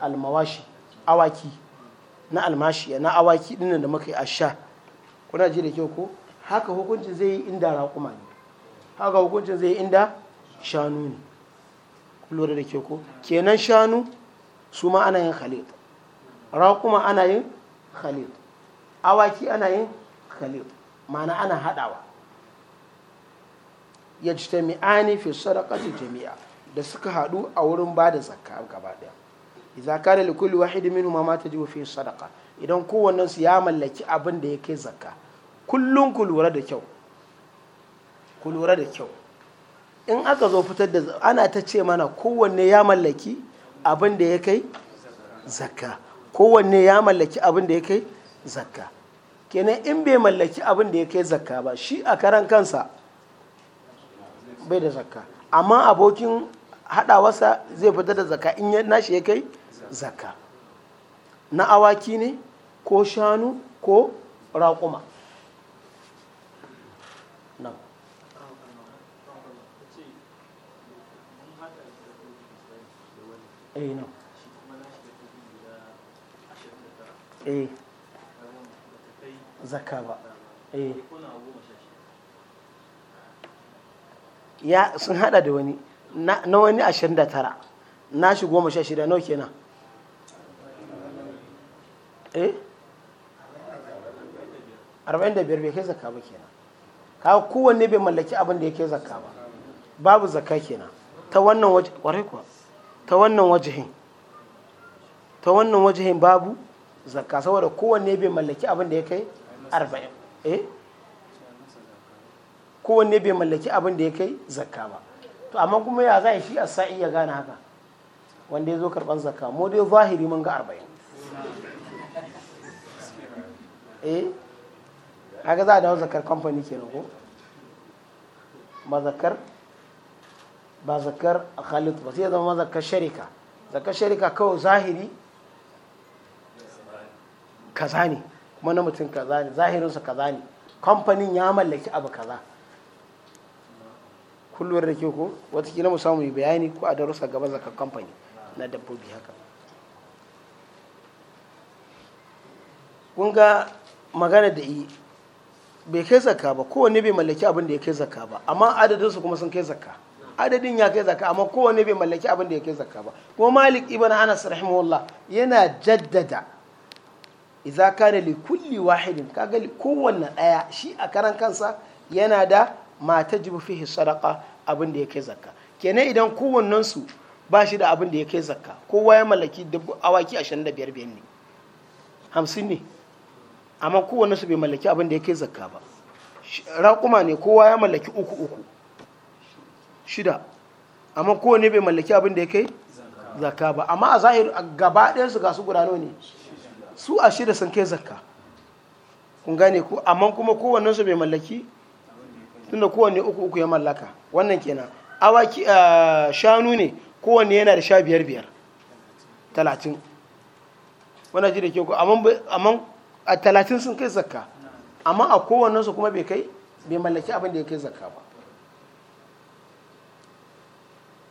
almawashi awaki na almashi na awaki dinnan da muka yi a sha kuna ji da kyau ko haka hukuncin zai yi inda raƙuma ne haka hukuncin zai yi inda shanu ne lura da kyau ko kenan shanu su ma ana yin khalid raƙuma ana yin khalid awaki ana yin khalid ma'ana ana haɗawa yajtami'ani fi sadaqati jami'a da suka hadu a wurin ba da zakka gaba daya idza kana li kulli wahid minhum ma tajibu fi sadaqa idan kowannen su ya mallaki abin da yake zakka kullun ku lura da kyau ku lura da kyau in aka zo fitar da ana ta ce mana kowanne ya mallaki abin da ya kai zakka kowanne ya mallaki abin da ya kai zakka kenan in bai mallaki abin da ya kai zakka ba shi a karan kansa bai da zakka amma abokin haɗawarsa zai fitar da zakka in ya nashi ya kai zakka na awaki ne ko shanu ko raƙuma eh eh ya sun hada da wani na wani 29 na shi goma sha shida nau kenan eh 45 bai kai zakka ba kenan kawo kowanne bai mallaki abin da ya kai zakka ba babu zakka kenan ta wannan waje kwarai kuwa ta wannan wajihin ta wannan wajihin babu zakka saboda kowanne bai mallaki abin da ya kai 40 eh kowanne bai mallaki abin da ya kai zakka ba to amma kuma ya za shi a sa'i ya gane haka wanda ya zo karban zakka mu dai zahiri mun ga arba'in eh haka za a dawo zakar kamfani ke ko ba zakar ba zakar khalid ba sai zama zakar sharika zakar sharika kawai zahiri kaza ne kuma na mutum kaza ne zahirinsa kaza ne kamfanin ya mallaki abu kaza kullum da ke ko watakila mu samu yi bayani ko a darussa gaba zaka kamfani na dabbobi haka kun ga magana da yi bai kai zaka ba kowanne bai mallaki abin da ya kai zakka ba amma adadinsu kuma sun kai zaka adadin ya kai zaka amma kowane bai mallaki abin da ya kai zakka ba kuma malik ibn anas rahimahullah yana jaddada idza kana li kulli wahidin kaga kowanne daya shi a karan kansa yana da ma tajibu fihi sadaqa abin da ya kai zakka kenan idan kowannen su ba shi da abin da ya kai zakka kowa ya mallaki dubu awaki 25 biyar ne hamsin ne amma kowannensu su bai mallaki abin da ya kai zakka ba raƙuma ne kowa ya mallaki uku uku shida amma kowanne bai mallaki abin da ya kai zakka ba amma a zahir gaba ɗaya su ga su gudano ne su a shida sun kai zakka kun gane ku amma kuma kowannen su bai mallaki tunda kowanne uku uku ya mallaka wannan kenan awaki ah, shanu ne kowanne yana da sha biyar biyar talatin wanda ji da ke ku amma a talatin sun kai zakka amma a kowannensu kuma bai kai bai mallaki abin da ya kai zakka ba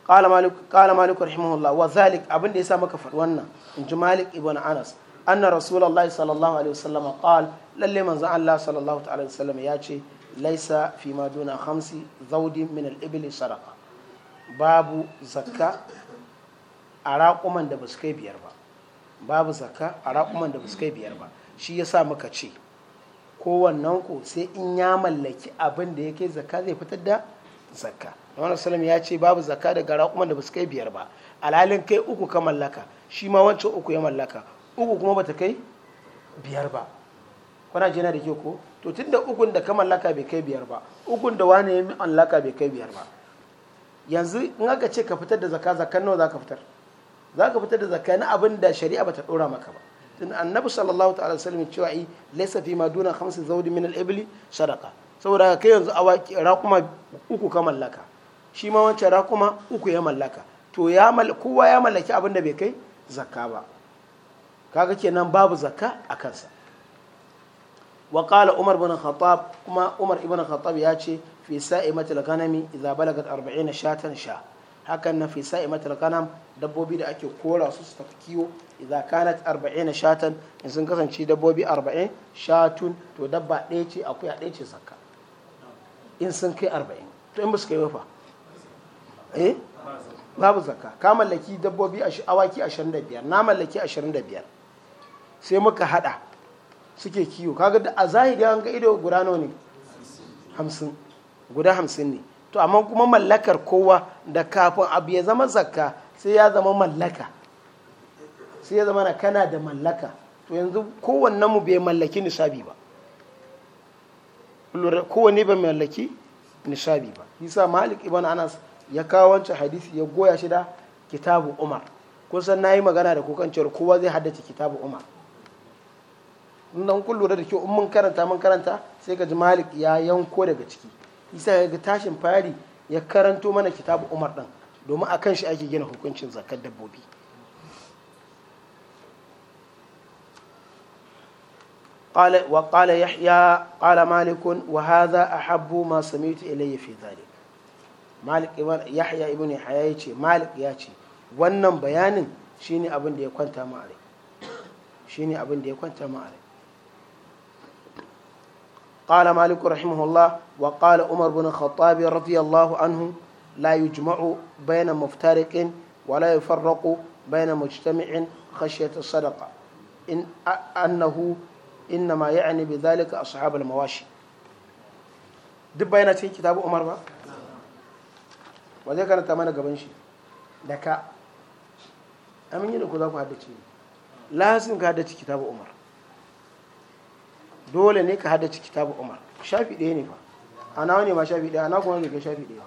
قال مالك قال wa رحمه abin da ya sa maka maka wannan in ji malik ibn anas anna rasulullahi sallallahu alaihi wasallam qal lalle manzo Allah sallallahu alaihi wasallam ya ce laisa fi ma duna hamsi zaudi min al babu zakka a raƙuman da ba kai biyar ba babu zakka a raƙuman da ba kai biyar ba shi ya sa muka ce kowannen ku sai in ya mallaki abin da ya kai zakka zai fitar da zakka wani salam ya ce babu zakka daga raƙuman da ba kai biyar ba alhalin kai uku ka mallaka shi ma wancan uku ya mallaka uku kuma bata kai biyar ba kuna ji yana da ke ko to tun da ukun da ka laka bai kai biyar ba ukun da wani ya laka bai kai biyar ba yanzu in aka ce ka fitar da zaka zakan nawa zaka fitar zaka fitar da zaka na abin da shari'a bata dora maka ba tun annabi sallallahu ta'ala sallam cewa ai laysa fi ma duna khamsi zawdi min al-ibli sadaqa saboda kai yanzu awaki kuma uku ka mallaka shi ma wancan kuma uku ya mallaka to ya kowa ya mallaki abin da bai kai zakka ba kaga kenan babu zakka a kansa wa umar ibn khattab kuma umar ibn ya ce fi sa'imatil ghanami idza balagat 40 shatan sha hakan na fi sa'imatil ghanam dabbobi da ake kora su su tafi kiwo idza kanat 40 shatan in sun kasance dabbobi 40 shatun to dabba ɗaya ce akwai a ɗaya ce sakka in sun kai to in eh? babu zakka ka mallaki dabbobi awaki 25 na mallaki 25 sai muka hada suke kiwo kaga a zahiri an ga ido guda nawa ne hamsin guda hamsin ne to amma kuma mallakar kowa da kafin abu ya zama zakka sai ya zama mallaka sai ya zama na kana da mallaka to yanzu kowanne mu bai mallaki nishabi ba kowanne bai mallaki nishabi ba yasa malik ibn anas ya kawo wancan hadisi ya goya shi da kitabu umar kusan na yi magana da kukan cewar kowa zai haddace kitabu umar nan kun lura da kyau in mun karanta mun karanta sai ka ji malik ya yanko daga ciki isa ga tashin fari ya karanto mana kitabu umar ɗin domin a kan shi ake gina hukuncin zakar dabbobi وقال يحيى قال مالك وهذا أحب ما سمعت إلي في ذلك مالك يحيى ابن ce malik مالك ce wannan bayanin shine abin da ya kwanta mu shine abin da ya kwanta قال مالك رحمه الله وقال عمر بن الخطاب رضي الله عنه لا يجمع بين مفترق ولا يفرق بين مجتمع خشية الصدقة إن أنه إنما يعني بذلك أصحاب المواشي duk bayana cikin kitabu umar ba ba zai karanta mana gaban shi da ka amin yi da ku za ku haddace lahasin ka haddace kitabu umar dole ne ka haddace kitabu umar shafi ɗaya ne fa na wani ma shafi ɗaya na kuma bai kai shafi ɗaya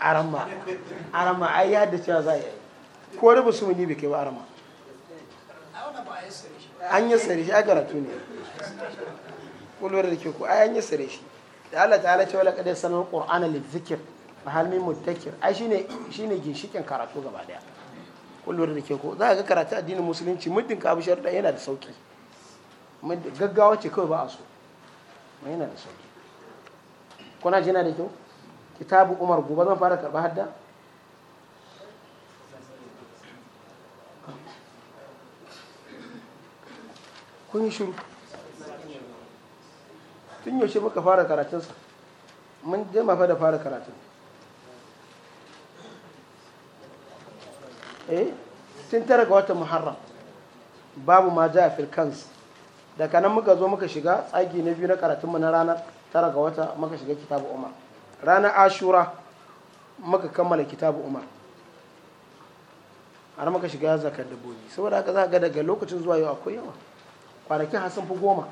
arama arama ai ya cewa za a yi ko rubu su muni bai kai ba arama an yi sare shi a karatu ne kulwar da ke ku ai an yi sare shi da Allah ta'ala ce wala kadai sanar qur'ana lizikr halmin mutakir ai shine shine ginshikin karatu gaba daya kullum da ke ko za ga karatu addinin musulunci muddin ka abu da yana da sauki gaggawa ce kawai ba a so yana da sauki kuna jina da kyau kitabu umar gobe zan fara karba hadda kun yi shiru tun yaushe muka fara karatunsa mun jama fa da fara karatun eh tun ga watan muharram babu ma ja fil kans daga nan muka zo muka shiga tsagi na biyu na karatunmu na ranar tara ga wata muka shiga kitabu umar ranar ashura muka kammala kitabu umar har muka shiga zakar dabbobi saboda haka za ga daga lokacin zuwa yau akwai yawa kwanakin hasan fi goma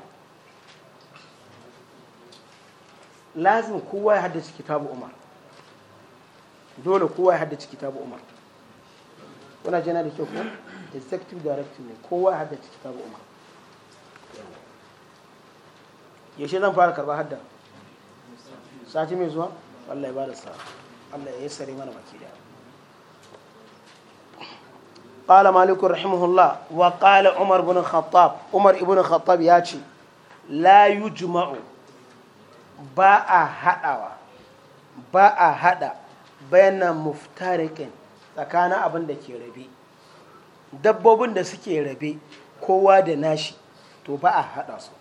lazim kowa ya haddace kitabu umar dole kowa ya haddace kitabu umar kuna jana da kyau ko executive director ne kowa ya haddace kitabu umar yaushe zan fara karba hadda sati mai zuwa wallahi ba da sa Allah ya sare mana baki da قال مالك رحمه الله وقال عمر بن الخطاب عمر ابن الخطاب ياتي لا يجمع باء هداوا باء هدا بين مفترق tsakanin abin da ke rabe dabbobin da suke rabe kowa da nashi to ba a haɗa su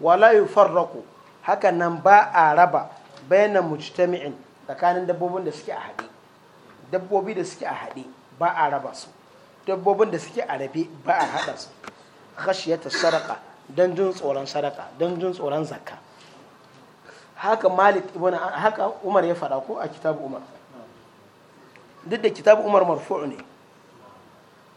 wala farrako hakan nan ba a raba bayan mujtami'in tsakanin dabbobin da suke a haɗe dabbobi da suke a haɗe ba a raba su dabbobin da suke a rabe ba a haɗa su khashiyata saraka don jin tsoron saraka don jin tsoron zakka haka malik ibn haka umar ya faɗa ko a kitabu umar duk da kitab umar marfu ne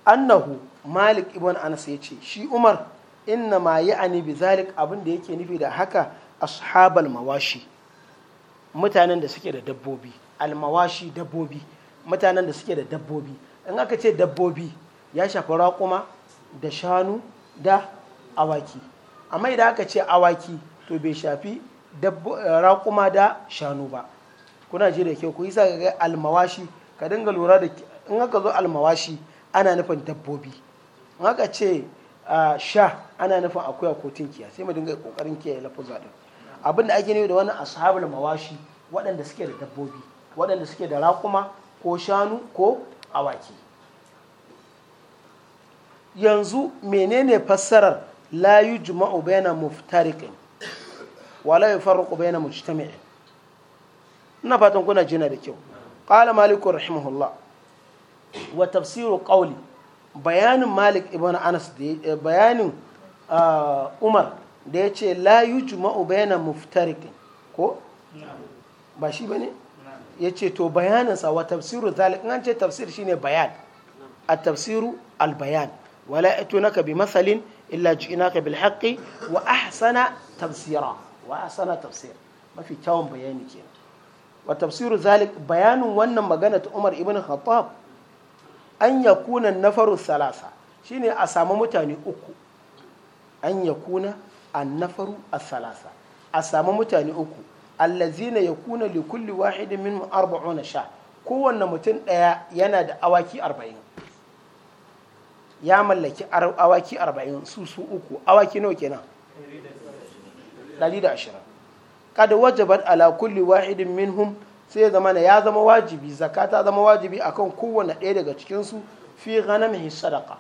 annahu malik ibn anas ya ce shi umar inna ma yi ani bi zalik abin da yake nufi da haka ashabal mawashi mutanen da suke da dabbobi almawashi dabbobi mutanen da suke da dabbobi in aka ce dabbobi ya shafi raƙuma da shanu da awaki amma idan aka ce awaki to bai shafi raƙuma da shanu ba kuna ji da kyau ku yi sa ga almawashi ka dinga lura da in aka zo almawashi ana nufin dabbobi in aka ce sha ana nufin akuya ko tinkiya sai mu dinga kokarin kiyaye lafuzza din abin da ake nufi da wannan ashabul mawashi waɗanda suke da dabbobi waɗanda suke da raƙuma ko shanu ko awaki yanzu menene fassarar la yujma'u baina muftariqin wa mu ci baina mujtami'in ina fatan kuna jina da kyau qala malik rahimahullah wa tafsiru qawli bayanin malik ibn anas bayanin umar da ya ce la yujma'u bayna muftariqin ba shi bane ya ce to bayaninsa wa tafsiru zalik an ce tafsir shine bayan a tafsiru albayan wala itunaka bi masalin illa ji'inaka bil haqqi wa ahsana tafsira wa ahsana tafsir mafi kyawun bayani kenan wa tafsiru zalik bayanin wannan magana ta Umar ibn Khattab an ya kuna nafaru salasa shine a samu mutane uku an ya a nafaru a salasa a samu mutane uku allazina ya kuna likulli wahidin minhum arba'una sha kowanne mutum daya yana da awaki arba'in. ya mallaki awaki arba'in su su uku awaki nawa kenan 120 kada wajabat ala kulli wahidin minhum sai ya zama ya zama wajibi zakka ta zama wajibi akan kowane ɗaya daga cikin su fi ghanamihi sadaqa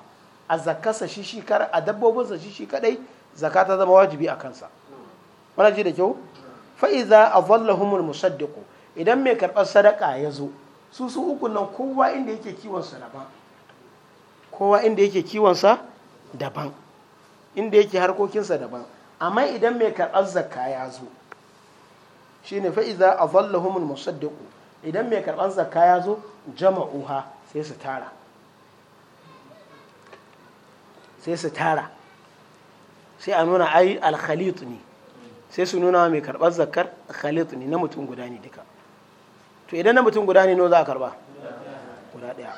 a zakkarsa shi shi kar a dabbobinsa shi shi kadai zakka ta zama wajibi a kansa wannan ji da kyau fa idza adallahumul musaddiq idan mai karbar sadaka ya zo su su uku nan kowa inda yake sa daban kowa inda yake sa daban inda yake harkokinsa daban amma idan mai karbar zakka ya zo shine fa idza adallahumul musaddiqu idan mai karban zakka ya zo jama'uha sai su tara sai su tara sai a nuna ai alkhalit ne sai su nuna mai karban zakar khalit ne na mutum guda ne duka to idan na mutum guda ne no za a karba guda daya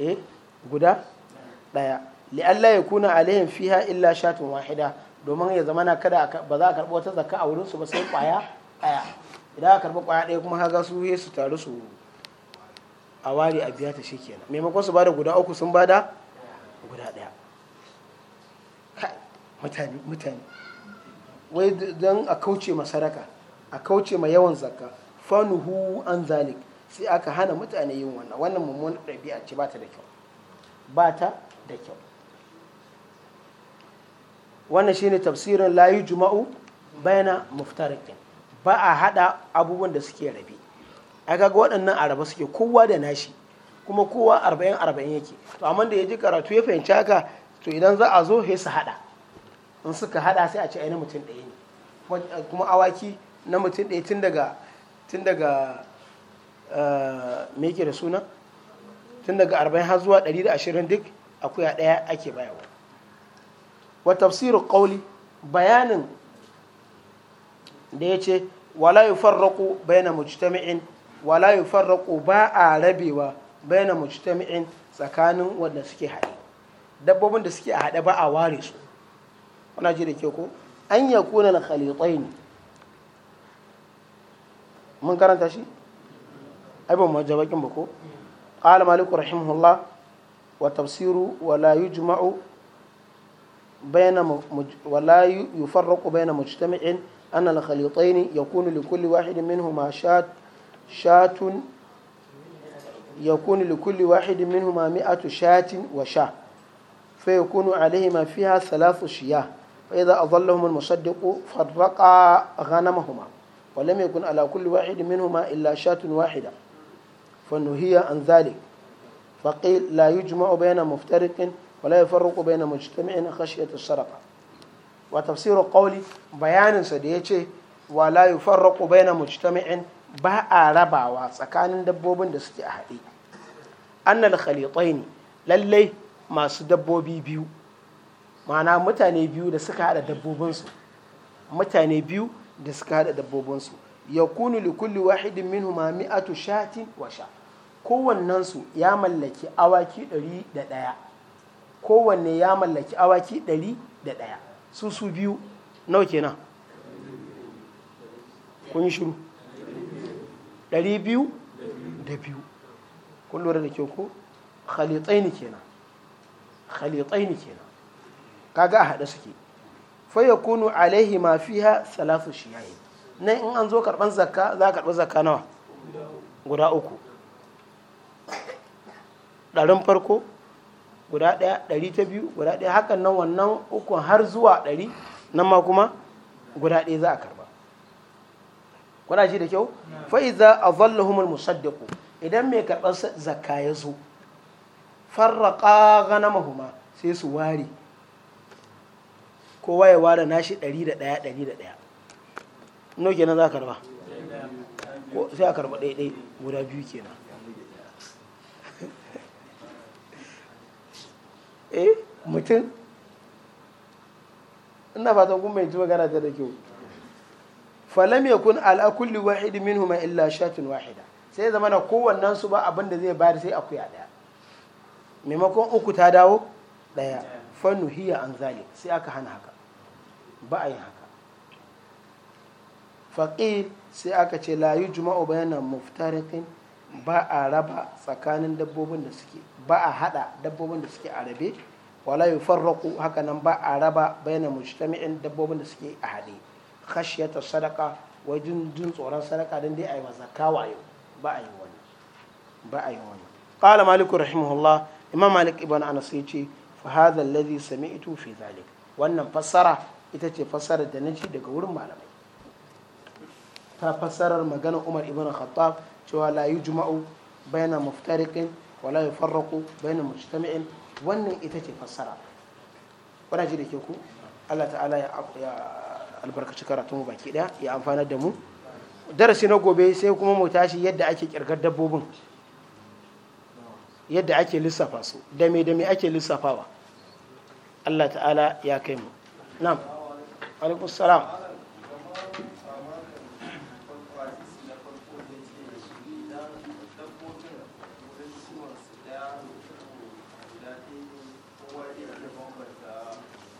eh guda daya li'alla ya kuna alayhim fiha illa shatun wahida domin ya zama na kada ba za a karɓi wata zakka a wurinsu ba sai kwaya ɗaya idan aka karɓi kwaya ɗaya kuma haga su su taru su a ware a biya ta shi kenan maimakon su bada guda uku sun bada guda ɗaya mutane mutane wai don a kauce ma saraka a kauce ma yawan zakka fanuhu an zalik sai aka hana mutane yin wannan wannan mummunar ɗabi'a ce ba ta da kyau ba ta da kyau wannan shine tafsirin layu juma'u bayana muftarikin ba a hada abubuwan da suke rabe a ga waɗannan araba suke kowa da nashi kuma kowa arba'in arba'in yake to amma da ya ji karatu ya fahimci haka to idan za a zo sai su hada in suka hada sai a ci ai na mutum ɗaya ne kuma awaki na mutum ɗaya tun daga tun daga eh, me da suna tun daga arba'in har zuwa ɗari da ashirin duk akwai a ɗaya ake bayarwa wa tafsiru qawli bayanin da ya ce wala yufarraqu bayna mujtami'in wala yufarraqu ba a rabewa bayna mujtami'in tsakanin wanda suke haɗe dabbobin da suke haɗe ba a ware su kuna ji da ke ko an yakuna al ne mun karanta shi ai ban maja bakin ba ko qala malik rahimahullah wa tafsiru wala yujma'u بين ولا يفرق بين مجتمع أن الخليطين يكون لكل واحد منهما شات شات يكون لكل واحد منهما مئة شاة وشاة فيكون عليهما فيها ثلاث شياه فإذا أظلهم المصدق فرقا غنمهما ولم يكن على كل واحد منهما إلا شاة واحدة فنهي عن ذلك فقيل لا يجمع بين مفترق ولا يفرق بين مجتمع خشية السرقة وتفسير قولي بيان سديتي ولا يفرق بين مجتمع باء ربع وسكان دبوب دستي أحدي أن الخليطين للي ما سدبوبي بيو ma'ana mutane biyu da suka hada dabbobinsu mutane biyu da suka hada dabbobinsu ya kunu li kulli wahidin min ma mi'atu shatin wa sha kowannensu ya mallaki awaki ɗari da ɗaya kowanne ya mallaki awaki ɗari da ɗaya su su biyu nawa kenan kun yi shiru ɗari biyu da biyu kun lura da kyau ko khalitaini kenan khalitaini kenan kaga a haɗe suke faya kunu alaihi ma fiha salatu shiyahi nan in an zo karɓar zakka za a karɓi zakka nawa guda uku ɗarin farko guda ɗaya ɗari ta biyu guda ɗaya hakan nan wannan ukun har zuwa ɗari nan ma kuma guda ɗaya za a karba kuna shi da kyau fa'iza a zallahumul musaddaku idan mai karɓar zakka ya zo farraƙa gana mahuma sai su ware kowa ya ware nashi ɗari da ɗaya ɗari da ɗaya no kenan za a karba sai a karba ɗaya ɗaya guda biyu kenan eh mutum ina fatan kun bai magana ta da kyau falam kun ala kulli wahid illa shatin wahida sai zama na kowannen su ba abin da zai bayar sai akuya daya maimakon uku ta dawo daya fannu hiya an zali sai aka hana haka ba a yi haka faƙi sai aka ce layu jumau bayanan muftariqin ba a raba tsakanin dabbobin da suke ba a hada dabbobin da suke a rabe wala yufarraqu haka nan ba a raba baina mujtami'in dabbobin da suke a hade khashyata sadaka wajen jin tsoron sadaka dan dai ayi mazaka wayo ba a yi wani ba a yi wani qala malik rahimahullah imam malik ibn anas yace fa hadha alladhi sami'tu fi zalik wannan fassara ita ce fassarar da naji daga wurin malamai ta fassarar maganar umar ibn khattab cewa la juma'u baina muftariqin wala la yufarraqu baina mujtami'in wannan ita ce fassara wadda ji da ke ku Allah ta'ala ya albarkaci karatun mu baki daya ya amfanar da mu darasi na gobe sai kuma mu tashi yadda ake kirgar dabbobin yadda ake lissafa su da me da me ake lissafawa Allah ta'ala ya kai mu na'am alaikum salam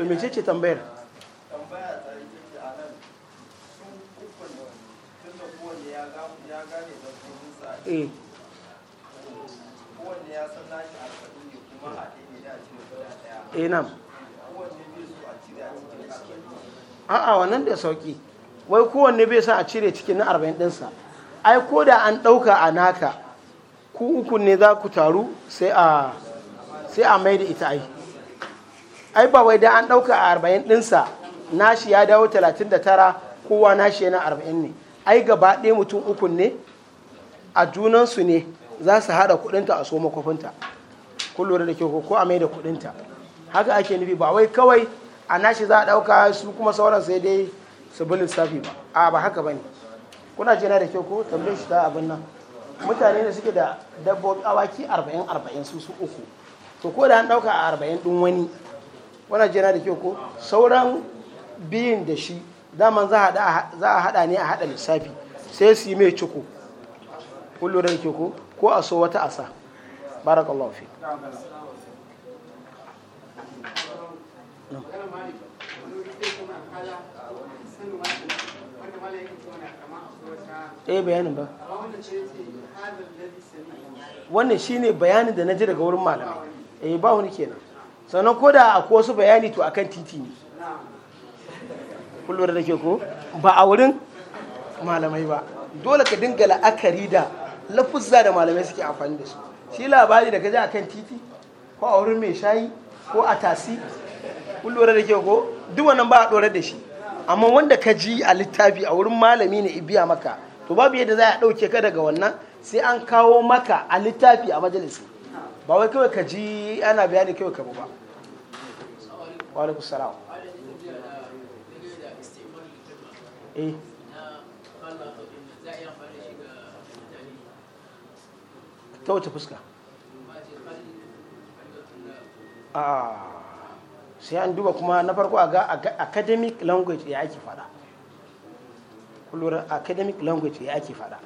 to me ce tambayar tambaya ta ita ce a nan sun ukun tun da kowanne ya gane da kuma eh kowanne ya san nashi alfadu ne kuma a ɗaya ne da cikin guda ɗaya eh kowanne bai so a cire a cikin alfadu a'a wannan da sauki wai kowanne bai sa a cire cikin na arba'in ɗinsa ai ko da an ɗauka a naka ku uku ne za ku taru sai a mai da ita ai ai ba wai da an ɗauka a arba'in ɗinsa nashi ya dawo talatin da tara kowa nashi yana arba'in ne ai gaba ɗaya mutum uku ne a junansu ne za su haɗa kuɗinta a so makwafinta kun lura da kyau ko a mai da kuɗinta haka ake nufi ba wai kawai a nashi za a ɗauka su kuma sauran sai dai su bi lissafi ba a ba haka ba ne kuna jina da kyau ko tambaye shi ta abin nan mutane da suke da dabbobi awaki arba'in arba'in su su uku to ko da an ɗauka a arba'in ɗin wani wana jina da kyau ko sauran biyun da shi daman za a hada ne a haɗa lissafi sai su yi mai ciko kullum da kyau ko ko a so wata asa barakallahu fi ɗaya eh, bayanin ba wannan ne bayanin da na ji daga wurin malamai eh, ba wani kenan sannan ko da akwai wasu bayani to akan titi ne kullum da ke ko ba a wurin malamai ba dole ka dinga la'akari da lafuzza da malamai suke amfani da su shi labari da ka ji akan titi ko a wurin mai shayi ko a tasi kullum da ke ko duk wannan ba a ɗora da shi amma wanda ka ji a littafi a wurin malami ne ibiya maka to babu yadda za a ɗauke ka daga wannan sai an kawo maka a littafi a majalisi ba wai kawai ka ji ana bayani kawai ka ba wa alaikum salam eh ta wace fuska ah. sai an duba kuma na farko a ga academic language ya ake fada kullum academic language ya ake fada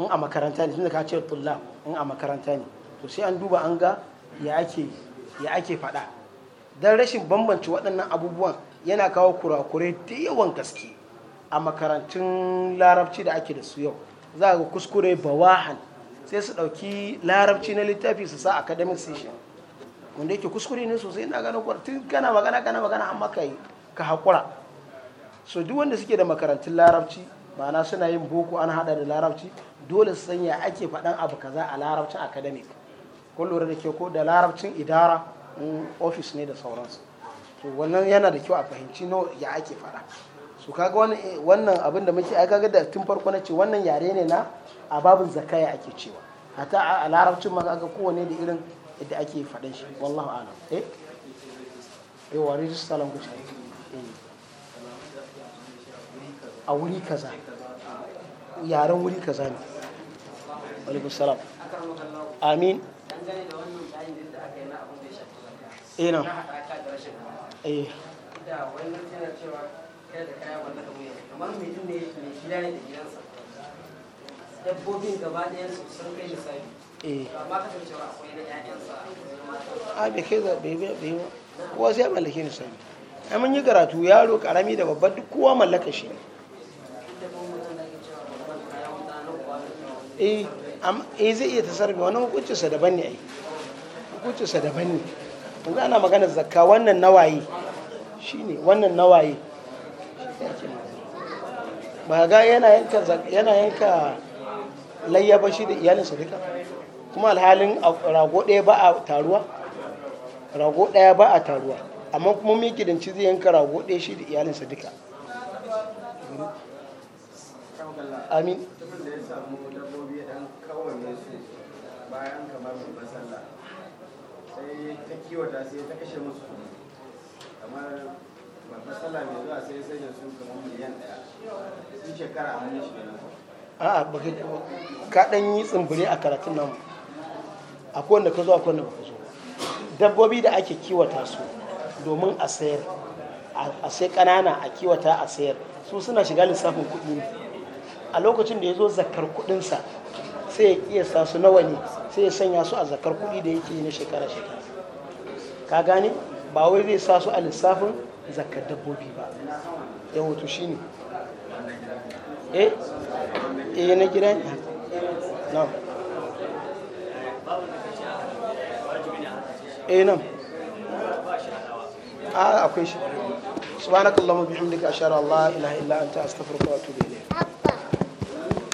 in a makaranta ne tun da ka ce tullam in a makaranta ne to sai an duba an ga ya ake faɗa don rashin bambance waɗannan abubuwan yana kawo kurakure da yawan gaske a makarantun larabci da ake da su yau za ga kuskure bawahan sai su ɗauki larabci na littafi su sa academic session wanda yake kuskure ne sosai na gano kwartun tun magana kana magana amma ka yi ka haƙura so duk wanda suke da makarantun larabci ma'ana suna yin boko an haɗa da larabci dole su sanya ake faɗan abu kaza a larabcin academic ko lura da ke ko da larabcin idara ofis ne da sauransu to wannan yana da kyau a fahimci no ya ake fara su kaga eh, wannan abin da muke aka da tun farko na ce wannan yare ne na a babin zakaya ake cewa hata a larabcin ma ga kowane da irin yadda ake faɗin shi wallahu alam eh yawa rijista langu shi eh. a wuri kaza yaren wuri kaza ne alaikum salam amin dangane da yi na abin ya eh, eh. kai a eh. kowa sai mallake ai mun yi karatu yaro karami da babba duk kowa mallaka shi eh amma eh, zai iya tasarrufi wannan hukuncinsa daban ne ai hukuncinsa daban ne kun ana magana zakka wannan nawaye shine wannan nawaye ba ga yana yanka yana yanka layya ba shi da iyalinsa duka kuma alhalin rago ɗaya ba a taruwa rago ɗaya ba a taruwa amma kuma mikidanci zai yanka rago ɗaya shi da iyalinsa duka amin kiwata sai ta kashe musu kamar babbar sallah mai zuwa sai sanya su kamar miliyan ɗaya su shekara a mun shi a'a baka ka yi tsimbire a karatun nan a wanda ka zo akwai wanda baka zo dabbobi da ake kiwata su domin a sayar a sai kanana a kiwata a sayar su suna shiga lissafin kuɗi ne a lokacin da ya zo zakar kuɗinsa sai ya kiyasta su nawa ne sai ya sanya su a zakar kuɗi da yake yi na shekara-shekara ka gane ba wai zai sa su a lissafin zakar dabbobi ba yan wato shi ne eh eh na gidan na eh nan a ah, akwai shi subhanakallahumma bihamdika ashhadu an la ilaha illa anta astaghfiruka wa atubu ilayk